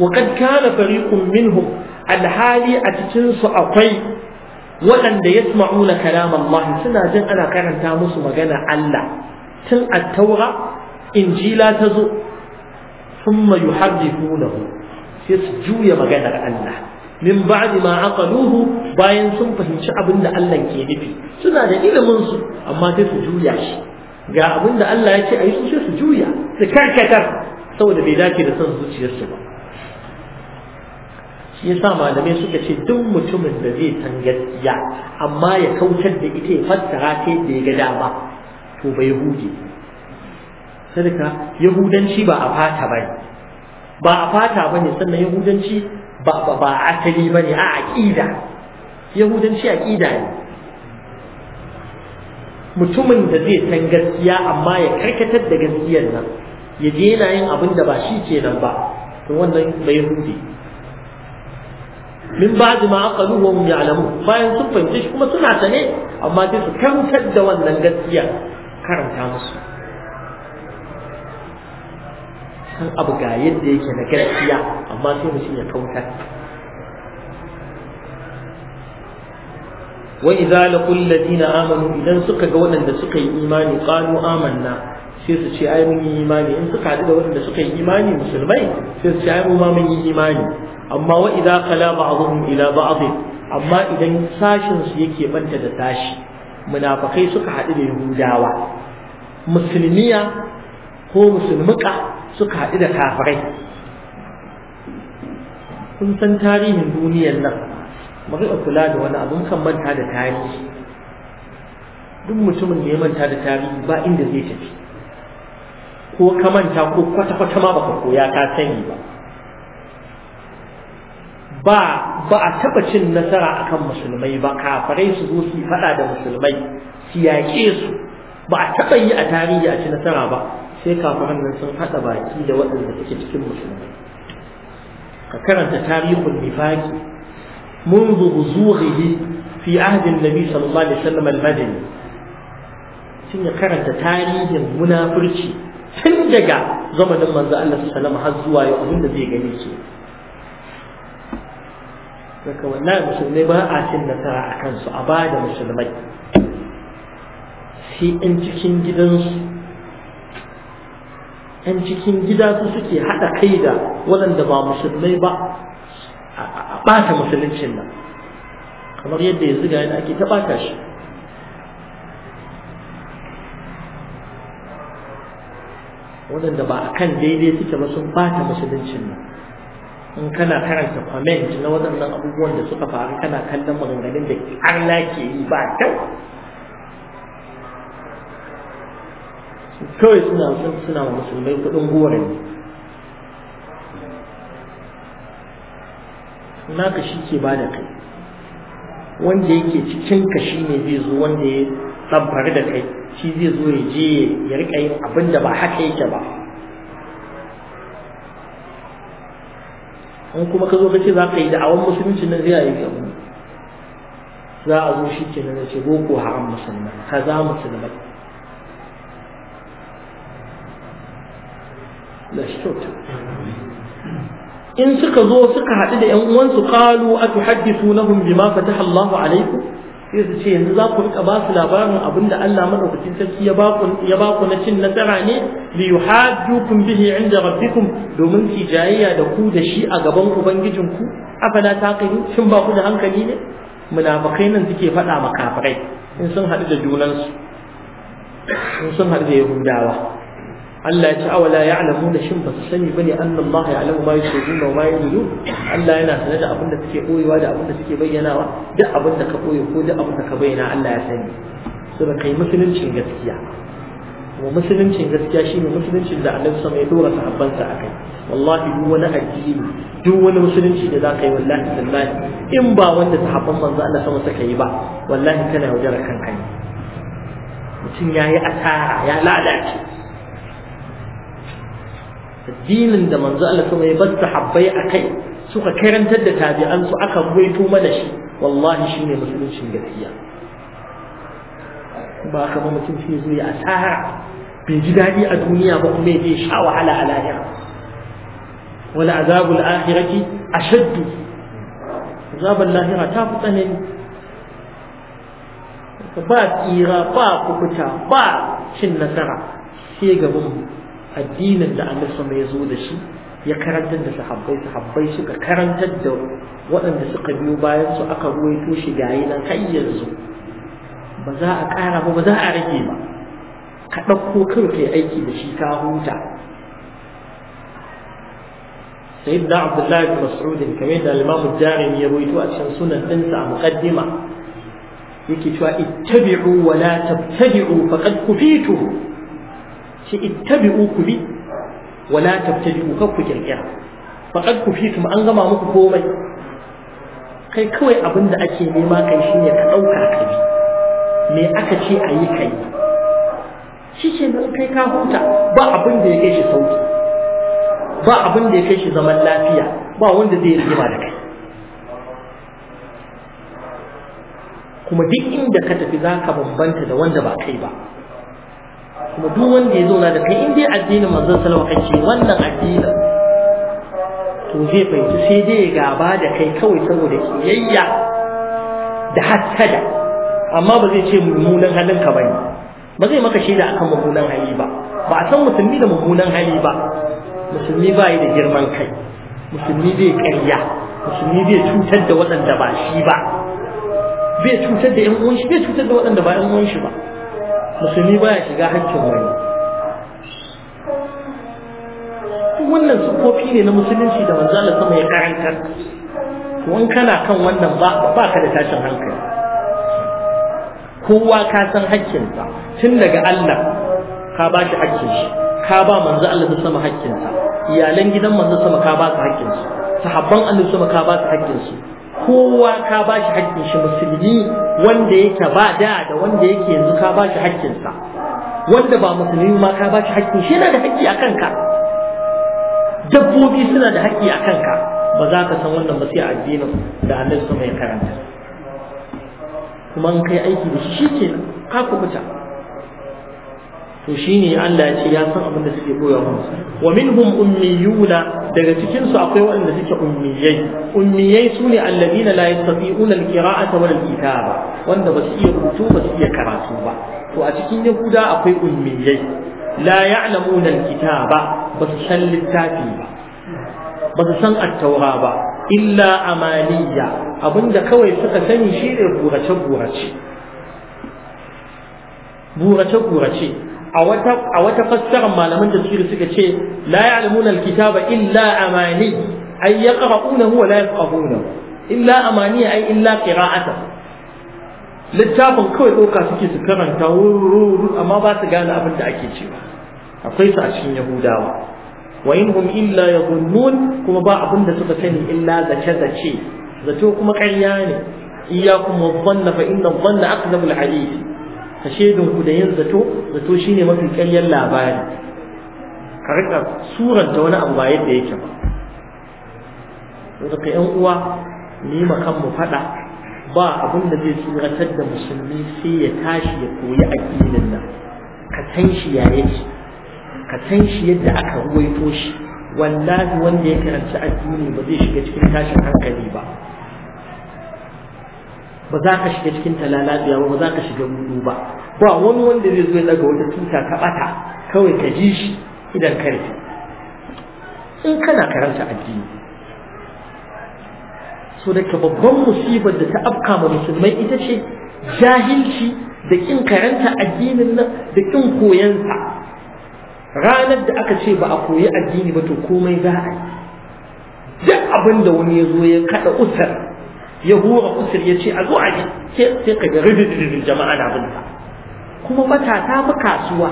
وقد كان فريق منهم الحالي أتتنس أقوي وأن يسمعون كلام الله سنة جن أنا كان تامس مجانا الله تن التوراة إنجيلا تزو ثم يحرفونه يسجوي مجانا الله min ba'di ma aqaluhu bayan sun fahimci abin da Allah ke nufi suna da ilimin su amma sai su juya shi ga abin Allah ya ce ayi su su juya su karkatar saboda bai dace da son zuciyarsu ba shi yasa malamai suka ce duk mutumin da zai san gaskiya amma ya kautar da ita ya fassara ta yadda ya ga dama to bai huje sadaka yahudanci ba a fata bane ba a fata bane sannan yahudanci ba ba ba asali bane a aqida yahudanci aqida ne mutumin da zai san gaskiya amma ya karkatar da gaskiyar nan ya je yana yin abin da ba shi kenan ba to wannan bai huje min ba ma aqalu wa hum ya'lamun bayan sun fahimce shi kuma suna sane amma sai su karantar da wannan gaskiya karanta musu san abu ga yadda yake na gaskiya amma sai mutum ya kautar wa idza laqul ladina amanu idan suka ga waɗanda suka yi imani qalu amanna sai su ce ai mun yi imani in suka haɗu da waɗanda suka yi imani musulmai sai su ce ai mu ma mun yi imani amma wa idza khala ba'dhum ila ba'd amma idan sashin su yake banta da tashi munafikai suka haɗu da yahudawa musulmiya ko musulmuka suka haɗu da kafirai kun san tarihin duniyar nan bari a kula da wani abun kan manta da tarihi duk mutumin da ya manta da tarihi ba inda zai tafi ko ka manta ko kwata-kwata ma baka koya ka sani ba ba ba a taɓa cin nasara a kan musulmai ba kafarai su zo su faɗa da musulmai su yaƙe su ba a taɓa yi a tarihi a ci nasara ba sai kafaran nan sun haɗa baki da waɗanda suke cikin musulmai ka karanta tarihul nifaqi منذ غزوه في عهد النبي صلى الله عليه وسلم المدني sun ya karanta tarihin munafurci tun daga zamanin manzo Allah sallallahu alaihi wasallam har zuwa yau abinda zai gani ce saka wannan musulmai ba a cin nasara a kansu a bada musulmai sai yan cikin gidansu yan cikin gida su suke haɗa kai da waɗanda ba musulmai ba a ɓata musuluncin nan kamar yadda yanzu ga yadda ake ta ɓata shi waɗanda ba a kan daidai suke ba sun ɓata musuluncin nan in kana karanta comment na waɗannan abubuwan da suka faru kana kallon maganganun da Allah ke yi ba kyau kawai suna sun suna wa musulmai kuɗin goren ne naka shi ke ba da kai wanda yake cikin ka shi ne zai zo wanda ya tsabbari da kai shi zai zo ya je ya riƙa yin abin da ba haka yake ba in kuma ka zo ka ce za ka yi da'awan musulunci nan zai yi abu za a zo shi ke nan ce boko haram musulman kaza musulmai da shi kyauta in suka zo suka haɗu da ‘yan uwansu ƙalu a tuhaddisu lahum bima fataha Allahu alaikum sai su ce yanzu za ku rika ba su labarin abin da Allah madaukakin sarki ya ba ku na cin nasara ne li yuhajjukum bihi inda rabbikum domin ki jayayya da ku da shi a gaban ubangijin ku afala taqilun shin ba ku da hankali ne munafikai nan suke faɗa makafirai in sun haɗu da junansu in sun haɗu da yahudawa Allah ya ce awala ya'lamu da shin ba su sani bane annallaha ya'lamu ma yusirruna wa ma yu'linu Allah yana sane da abin da suke koyewa da abin da suke bayyanawa duk abin da ka koye ko duk abin da ka bayyana Allah ya sani saboda kai musuluncin gaskiya wa musuluncin gaskiya shine musuluncin da Annabi sama ya dora sahabbansa akai wallahi duk wani addini duk wani musulunci da za ka yi wallahi sallahi in ba wanda sahabban manzo Allah sama suka yi ba wallahi kana yaudara kanka ne mutum ya yi asara ya lalace addinin da manzo Allah kuma ya bar sahabbai akai suka karantar da tabi'an su aka gwaito mana shi wallahi shine musuluncin gaskiya ba ka ba mutum sai zo asara bai ji daɗi a duniya ba kuma ya je sha wahala a lahira wala azabul akhirati ashaddu azabul lahira ta fi tsanani ba tsira ba kukuta ba cin nasara sai gaban mu addinin da Allah sama ya zo da shi ya karantar da sahabbai sahabbai suka karantar da waɗanda suka biyo bayan su aka ruwaito shi gayi nan kai yanzu ba za a ƙara ba ba za a rage ba ka ɗauko kanka ya aiki da shi ka huta da abdullahi bin mas'ud kamar da al-imam jarimi ya ruwaito a cikin sunan ɗinsa a muqaddima yake cewa ittabi'u wa la tabtadi'u faqad kufitu shi ittabi'u uku bi wala tabtadi'u kar ku kirkira faqad kufitum an gama muku komai kai kawai abinda ake nema kai shine ka dauka ka me aka ce ayi kai shi ke da kai ka huta ba abin da ya kai shi sauki ba abin da ya kai shi zaman lafiya ba wanda zai rigima da kai kuma duk inda ka tafi za ka bambanta da wanda ba kai ba kuma duk wanda ya zauna da kai in dai addinin manzon sallallahu alaihi wasallam wannan addinin to zai fahimci sai dai ya gaba da kai kawai saboda kiyayya da hattada amma ba zai ce mummunan halin ka bane ba zai maka shaida akan mummunan hali ba ba a san musulmi da mummunan hali ba musulmi ba da girman kai musulmi zai karya musulmi zai cutar da waɗanda ba shi ba zai cutar da 'yan uwan shi zai cutar da waɗanda ba 'yan uwan shi ba musulmi baya shiga haƙƙin wani wannan sukofi ne na musulunci da manzo Allah sama ya karantar in kana kan wannan ba ba ka da tashin hankali kowa ka san haƙƙinsa tun daga Allah ka ba shi haƙƙin shi ka ba manzo Allah sama haƙƙinsa iyalan gidan manzo sama ka ba su su sahabban Allah sama ka ba su haƙƙinsu kowa ka ba shi haƙƙin shi musulmi wanda yake ba da da wanda yake yanzu ka ba shi haƙƙinsa wanda ba musulmi ma ka ba shi haƙƙin shi yana da haƙƙi a kanka dabbobi suna da haƙƙi a kanka ba za ka san wannan ba sai addinin da Allah mai karanta kuma in kai aiki da shi shikenan ka kubuta to shine Allah ya ce ya san abin da suke koya musu wa minhum ummiyuna daga cikin su akwai waɗanda suke ummiyai ummiyai sune alladina la yastati'una alqira'ata wal kitaba wanda ba su iya rubutu ba su iya karatu ba to a cikin yahuda akwai ummiyai la ya'lamuna alkitaba ba su san littafi ba ba su san at-taura ba illa amaniya abinda kawai suka sani shine burace burace burace a wata a wata fassarar malaman tafsiri suka ce la ya'lamuna alkitaba illa amani Ai ay yaqra'unahu wa la yafqahunahu illa amani ai illa qira'ata littafin kawai doka suke su karanta amma ba su gane abin da ake cewa akwai su a cikin yahudawa wa inhum illa ya yadhunnun kuma ba abin da suka sani illa zace zace zato kuma ƙarya ne iyyakum wadh-dhanna fa inna adh-dhanna aqdhabu al-hadith ka shaidin ku da yin zato zato shine mafi karyar labari ka rika suranta wani abu ba yadda yake ba yanzu yan uwa ni makan mu faɗa ba abin da zai tsiratar da musulmi sai ya tashi ya koyi addinin nan ka san shi ya yake ka san shi yadda aka ruwaito shi wallahi wanda ya karanci addini ba zai shiga cikin tashin hankali ba ba za ka shiga cikin talalabiya ba ba za ka shiga rudu ba ba wani wanda zai zo ya daga wata tuta ka bata kawai ka ji shi idan karfi in kana karanta addini so da babban musibar da ta afka ma musulmai ita ce jahilci da kin karanta addinin nan da kin koyansa ranar da aka ce ba a koyi addini ba to komai za a yi duk abin da wani ya zo ya kaɗa usar ya hura kusur ya ce a zo a sai ka ga da jama'a na bin ta. kuma matata fi kasuwa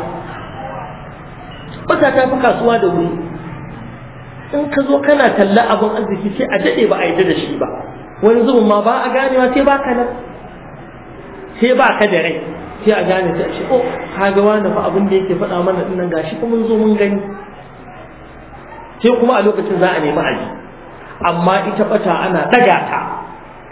matata fi kasuwa da wuri in ka zo kana talla abin arziki sai a daɗe ba a yi da shi ba wani zubin ma ba a ma sai baka nan sai ba ka da rai sai a gane ta ce oh kaga wani fa abin da yake faɗa mana din nan gashi kuma mun zo mun gani sai kuma a lokacin za a nemi aji amma ita bata ana ɗaga ta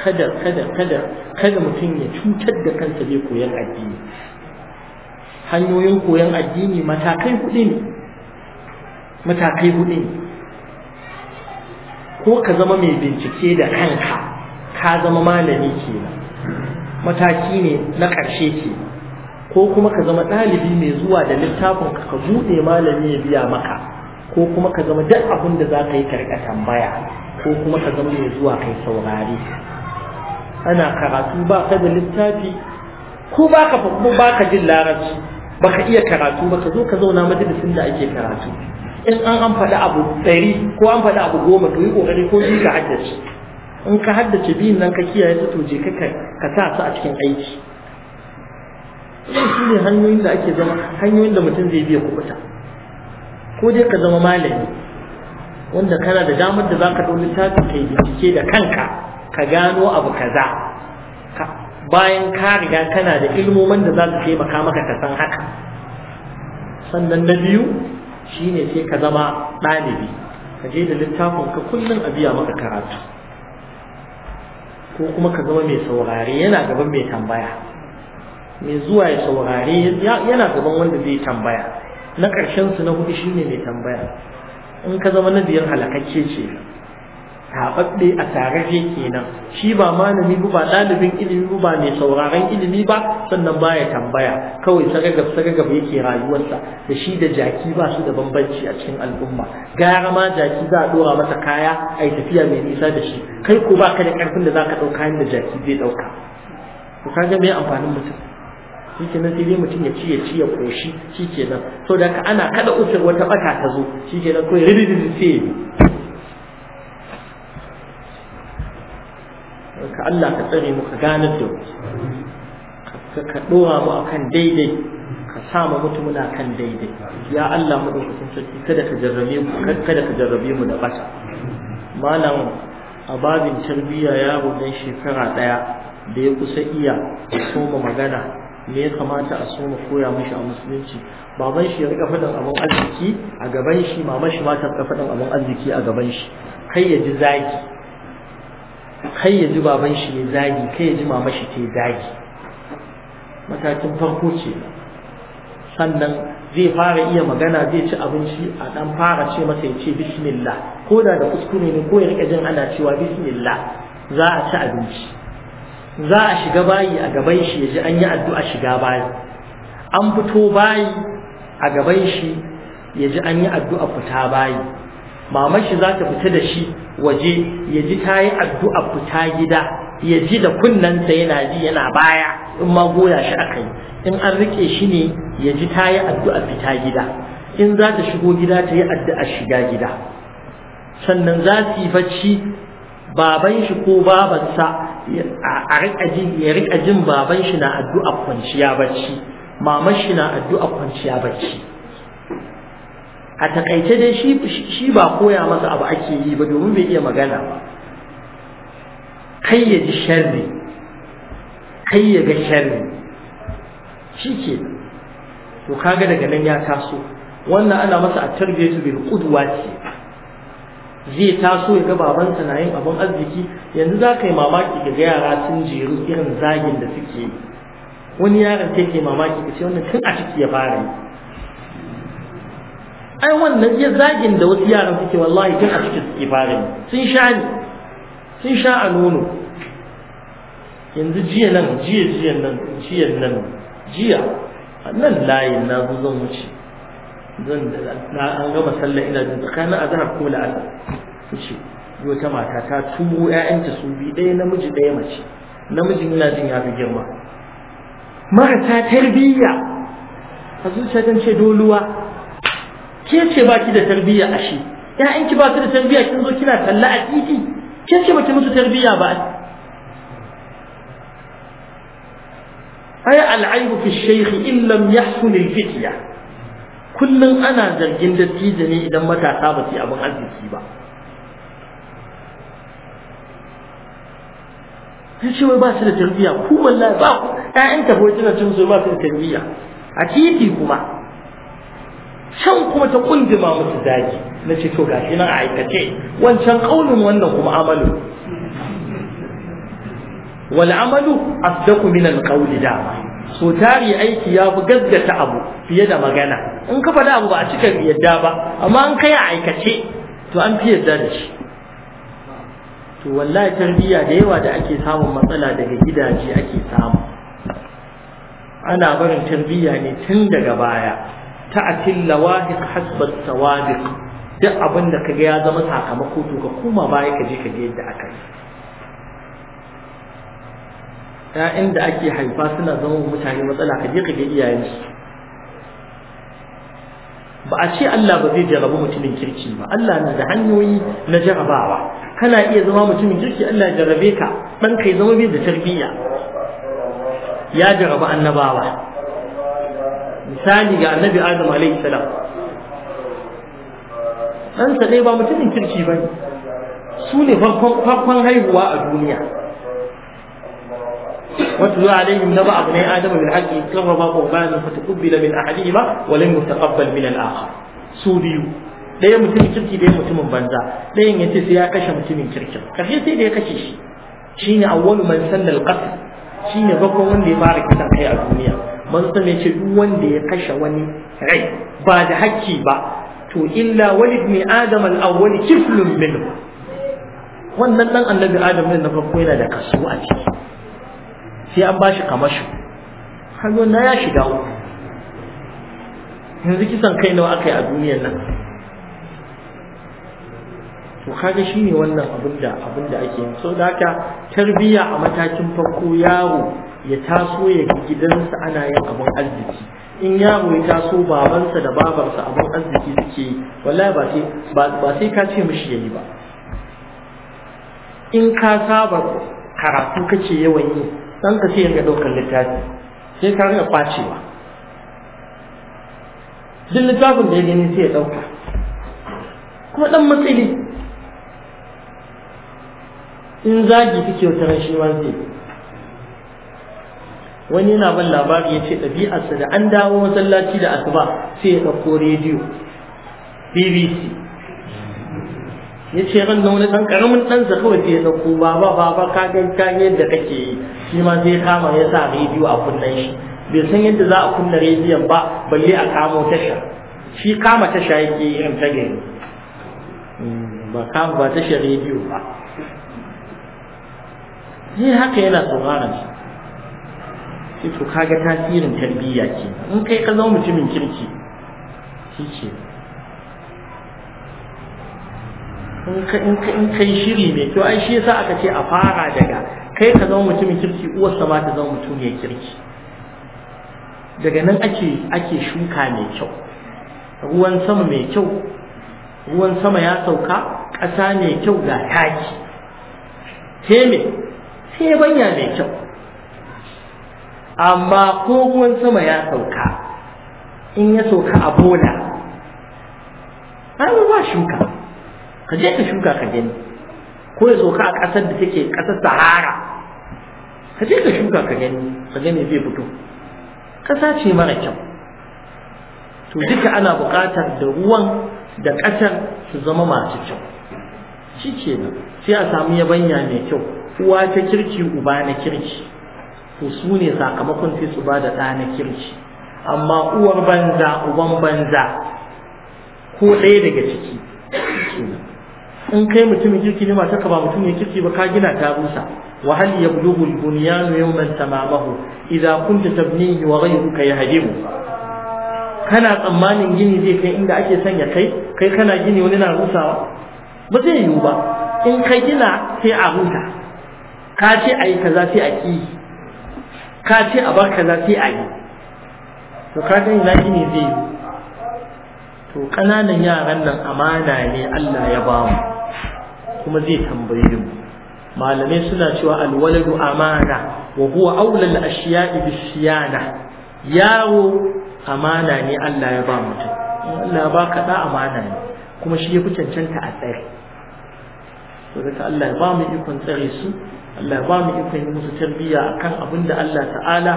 kada kada kada kada mutum ya cutar da kansa bai koyan addini hanyoyin koyan addini matakai hudu ne matakai hudu ne ko ka zama mai bincike da kanka ka zama malami kenan mataki ne na ƙarshe ke ko kuma ka zama ɗalibi mai zuwa da littafin ka buɗe malami ya biya maka ko kuma ka zama duk abin da za ka yi karkatan tambaya ko kuma ka zama mai zuwa kai saurari. ana karatu ba ka da littafi ko ba ka kuma ba ka jin larabci ba ka iya karatu ba ka zo ka zauna majalisin da ake karatu in an an faɗi abu ɗari ko an faɗi abu goma to yi ƙoƙari ko biyu ka haddace in ka haddace biyun nan ka kiyaye su to je ka ka sa su a cikin aiki su ne hanyoyin da ake zama hanyoyin da mutum zai biya kuɓuta. ko dai ka zama malami wanda kana da damar da zaka ɗau littafi kai bincike da kanka ka gano abu kaza bayan ka riga kana da ilmomin da za su taimaka maka ka san haka sannan na biyu shine sai ka zama ɗalibi ka je da littafin ka kullum a biya maka karatu ko kuma ka zama mai saurare yana gaban mai tambaya mai zuwa ya saurare yana gaban wanda zai tambaya na ƙarshen su na hudu shine mai tambaya in ka zama na biyar halakacce ce taɓaɓɓe a tararre kenan shi ba malami ba ba ɗalibin ilimi ba mai sauraron ilimi ba sannan ba ya tambaya kawai saragab saragab yake rayuwarsa da shi da jaki ba su da bambanci a cikin al'umma gara ma jaki za a ɗora masa kaya a yi tafiya mai nisa da shi kai ko ba ka da ƙarfin da za ka ɗauka yadda jaki zai ɗauka Ko ka ga mai amfanin mutum shi ke nan sai dai mutum ya ci ya ci ya koshi shi ke nan saboda ana kada usur wata ɓata ta zo shi ke nan kawai rididin sai ka Allah ka tsare mu ka gane da mu ka dora mu akan daidai ka sa mu mutu muna kan daidai ya Allah mu daukakin sarki kada ka jarrabe mu kada ka jarrabe mu da bata malam a babin tarbiyya yaro dan shekara daya da ya kusa iya soma magana me ya kamata a soma koya mishi a musulunci baban shi ya rika faɗin abin arziki a gaban shi mama shi ma ta rika faɗin abin arziki a gaban shi kai ya ji zaki kai ya ji baban shi ya zagi kai ya ji mama shi ta zagi matakin farko ce sannan zai fara iya magana zai ci abinci a dan fara ce masa ya ce bismillah ko da da kuskure ne ko ya rika jin ana cewa bismillah za a ci abinci za a shiga bayi a gaban shi ya ji an yi addu'a shiga bayi an fito bayi a gaban shi ya ji an yi addu'a fita bayi mama shi za ta fita da shi waje ya ji ta yi addu'a fita gida ya ji da kunnenta yana ji yana baya in ma goya shi aka yi in an rike shi ne ya ji ta yi addu'a fita gida in za ta shigo gida ta yi addu'a shiga gida sannan za su yi bacci baban shi ko babansa ya rika jin baban shi na addu'a kwanciya bacci Maman shi na addu'a kwanciya bacci a takaice dai shi ba koya masa abu ake yi ba domin bai iya magana ba kai ya ji sharri kai ya ga sharri shi ke to kaga daga nan ya taso wannan ana masa a tarbiyatu bil qudwa ce zai taso ya ga babansa na yin abin arziki yanzu za ka yi mamaki ga yara sun jeru irin zagin da suke yi wani yaron take mamaki ka ce wannan tun a ciki ya fara yi ai wannan ya zagin da wasu yaran suke wallahi tun a cikin suke fara sun sha ni sun sha a nono yanzu jiya nan jiya jiya nan jiya nan jiya nan layin na zo zan wuce zan na an gama sallar ina jin tsakanin azhar ko la'asar ce wata mata ta tubo ƴaƴanta su bi ɗaya namiji ɗaya mace namijin ina jin ya fi girma marasa tarbiyya a zuciya don ce doluwa ke ce ba ki da tarbiyya ashe? shi ƴaƴan ki ba su da tarbiyya kin zo kina talla a titi ke ce ba ki musu tarbiyya ba ai al'aibu fi shaykh in lam yahsun al fitya kullun ana zargin dattijo ne idan matasa ba su abin arziki ba sai ce wai ba su da tarbiyya ku wallahi ba ku ƴaƴan ta boye tana cin su ba su da tarbiyya a titi kuma can kuma ta kundima musu zagi na ce to gashi nan a aikace wancan kaunin wannan kuma amalu wal amalu asdaqu min al qawli da so tari aiki ya fi gaggata abu fiye da magana in ka faɗa abu ba a cikin yadda ba amma an kai a aikace to an fi yadda da shi to wallahi tarbiyya da yawa da ake samun matsala daga gidaje ake samu ana barin tarbiyya ne tun daga baya ta'ati lawahiq hasba sawabiq duk abin da kaga ya zama sakamako to ka koma baya ka je ka ga yadda aka yi ƴaƴan da ake haifa suna zama mutane matsala ka je ka ga iyayensu ba a ce Allah ba zai jarabu mutumin kirki ba Allah na da hanyoyi na jarabawa kana iya zama mutumin kirki Allah ya jarabe ka ɗan kai zama bai da tarbiyya ya jaraba annabawa ihsani ga annabi adam alaihi salam ɗansa dai ba mutumin kirki ba su ne farkon haihuwa a duniya واتل عليهم ba ابني آدم بالحق إذ قربا قربانا wa lam yutaqabbal min al akhar Su biyu. ɗaya mutumin kirki ɗaya mutumin banza ɗayan ya ce sai ya kashe mutumin kirkin kashe sai da ya kashe shi shine awwalu man sanna al-qatl shine bakon wanda ya fara kisan kai a duniya manzo ne ce duk wanda ya kashe wani rai ba da hakki ba to illa walid ni adam al-awwal kiflun minhu wannan dan annabi adam ne na farko yana da kaso a ciki sai an bashi kamashi har na ya shiga uku yanzu kisan kai nawa aka yi a duniyar nan to kaga shine wannan abin da abin da ake yi so da haka tarbiyya a matakin farko yaro ya taso ya ga gidansa ana yin abin arziki in yaro ya taso babansa da babarsa abin arziki suke yi wallahi ba sai ba sai ka ce mishi yayi ba in ka saba karatu kace yawan yi dan ka sai yanga daukar littafi sai ka rinka kwacewa duk littafin da ya gani sai ya dauka kuma dan matsili in zagi kike wata rashin wanzu. wani yana ban labari ya ce ɗabi'arsa da an dawo masallaci da asuba sai ya ɗauko rediyo bbc ya ce ran da wani ɗan ƙaramin ɗansa kawai sai ya ɗauko baba baba ka ga ka yadda kake yi shi ma sai kama ya sa rediyo a kunnen shi bai san yadda za a kunna rediyon ba balle a kamo tasha shi kama tasha yake irin ta gari hmm, ba kama ba tasha rediyo ba sai haka yana sauraron shi sai to kaga tasirin tarbiyya ke in kai ka zama mutumin kirki shi ce in kai shiri mai kyau ai shi yasa aka ce a fara daga kai ka zama mutumin kirki uwar sama ta zama mutumin kirki daga nan ake ake shuka mai kyau ruwan sama mai kyau ruwan sama ya sauka ƙasa mai kyau ga taki teme sai banya mai kyau amma ko ruwan sama ya sauka in ya sauka a bola an ba shuka ka je ka shuka ka gani ko ya sauka a ƙasar da take ƙasar sahara ka je ka shuka ka gani ka gani zai fito ƙasa ce mara kyau to duka ana buƙatar da ruwan da ƙasar su zama masu kyau shi ke sai a samu yabanya mai kyau uwa ta kirki uba na kirki to su ne sakamakon sai su ba da ɗa na kirki amma uwar banza uban banza ko ɗaya daga ciki in kai mutumin kirki ne ka ba ne, kirki ba ka gina ta rusa wa hal yablughu al-bunyan yawman tamamahu idza kunta tabnihi wa ghayruka yahdimu kana tsammanin gini zai kai inda ake son ya kai kai kana gini wani na rusawa ba zai yiwu ba in ka gina sai a rusa ka ce yi kaza sai a ki ka ce a baka kaza sai a yi to ka ga ina ne zai yi to ƙananan yaran nan amana ne Allah ya ba mu kuma zai tambaye mu malamai suna cewa alwaladu amana wa huwa aula al-ashiya'i bis-siyana yaro amana ne Allah ya ba mutum Allah ba ka da amana ne kuma shi ya fi cancanta a tsare da Allah ya ba mu ikon tsare su Allah ya ba mu ikon yi musu tarbiyya akan abin da Allah ta'ala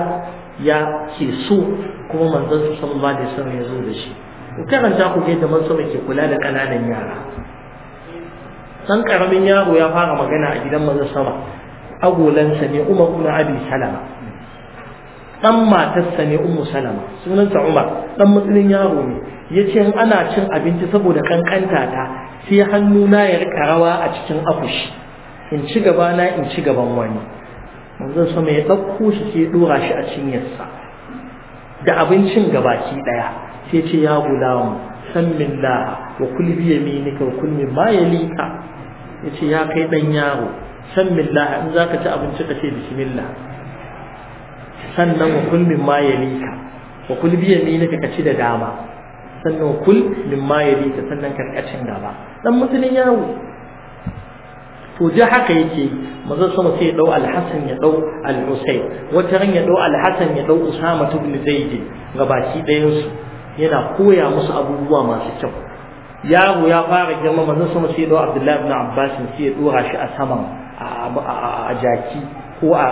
ya ke so kuma manzon su sallallahu alaihi wasallam ya zo da shi ku karanta ku ga da manzo ke kula da kananan yara san karamin yaro ya fara magana a gidan manzon sama agolansa ne Umar ibn Abi Salama dan matarsa ne Ummu Salama sunansa Umar dan matsinin yaro ne yace in ana cin abinci saboda kankanta ta sai hannuna ya rika rawa a cikin akushi in ci gaba na in ci gaban wani manzon sama ya ɗauko shi sai ɗora shi a cinyarsa da abincin gabaki ɗaya sai ce ya gulamu san millah wa kul bi yaminika wa kul ma yalika yace ya kai dan yaro san millah in zaka ci abinci ka ce bismillah sannan wa kul mimma yalika wa kul bi yaminika ka ci da dama sannan wa kul mimma yalika sannan karkacin gaba dan musulun yawo to ji haka yake maza sama sai ya dau alhassan ya dau alhussein wata ran ya dau alhassan ya dau usama ibn zaid ga baki ɗayan su yana koya musu abubuwa masu kyau yaro ya fara girma maza sama sai ya dau abdullahi ibn abbas sai ya dora shi a saman a jaki ko a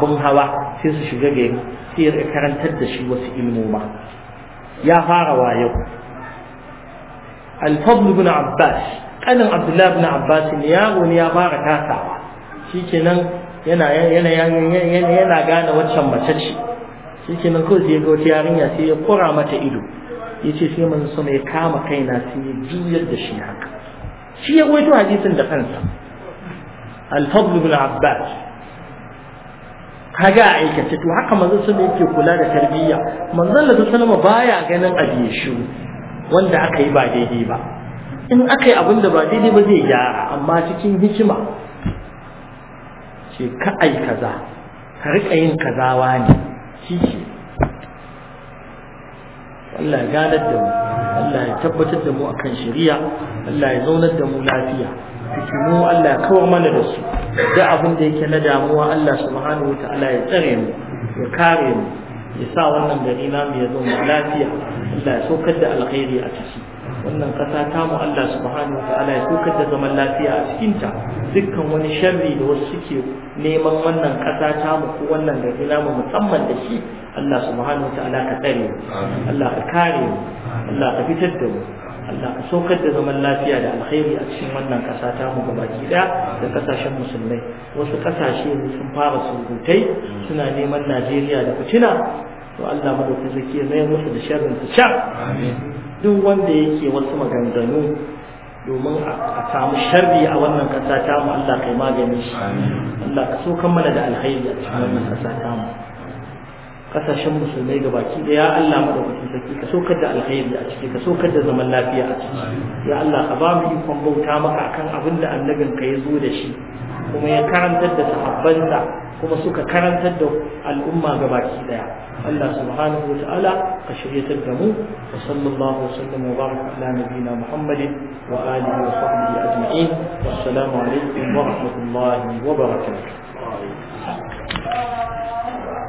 abin hawa sai su shiga gari sai ya karantar da shi wasu ilmoma ya fara wayo al-fadl abbas kanin abdullahi bin abbas ne yaro ne ya fara tasawa shikenan yana yana yana yana gane waccan mace ce shikenan ko sai ga wata yarinya sai ya kura mata ido yace sai manzo sama ya kama kaina sai ya juyar da shi haka shi ya goyi hadisin da kansa al-fadl ibn abbas kaga a aikace to haka manzo sama yake kula da tarbiyya manzo da sallallahu baya ganin abin shi wanda aka yi ba daidai ba in aka yi abin da ba daidai ba zai gyara amma cikin hikima ce ka ka riƙa yin kazawa ne shi Allah ya ganar da mu Allah ya tabbatar da mu akan shari'a Allah ya zaunar da mu lafiya fitinu Allah ya kawar mana da su da abin da yake na damuwa Allah subhanahu ta'ala ya tsare mu ya kare mu ya sa wannan gari namu ya zo mu lafiya Allah ya saukar da alkhairi a ciki wannan ƙasa ta mu Allah subhanahu ta'ala ya kokar da zaman lafiya a cikinta dukkan wani sharri da wasu suke neman wannan ƙasa ta mu ko wannan da gari mu musamman da shi Allah subhanahu ta'ala ka tsare mu, Allah ka kare mu Allah ka fitar da mu Allah ka saukar da zaman lafiya da alkhairi a cikin wannan ƙasa ta mu gabaki ɗaya da ƙasashen musulmai wasu ƙasashe sun fara surutai suna neman Najeriya da kucina, to Allah madaukakin sarki ya mai musu da sharrin ta sha amin duk wanda yake wasu maganganu domin a samu sharri a wannan ƙasa ta mu Allah kai magani shi Allah ka so kammala da alhairi a cikin wannan ƙasa ta mu ƙasashen musulmai ga baki ɗaya Allah mu da kuɗi saki ka so da alhairi a ciki ka so da zaman lafiya a ciki ya Allah ka ba mu ikon bauta maka akan abin da annabin ka ya zo da shi kuma ya karantar da sahabbansa kuma suka karantar da al'umma ga baki ɗaya Allah subhanahu wa ta'ala ka shiryatar da mu wa sallallahu wa sallam wa baraka ala nabiyina Muhammadin wa alihi wa sahbihi ajma'in wa assalamu alaikum wa rahmatullahi wa barakatuh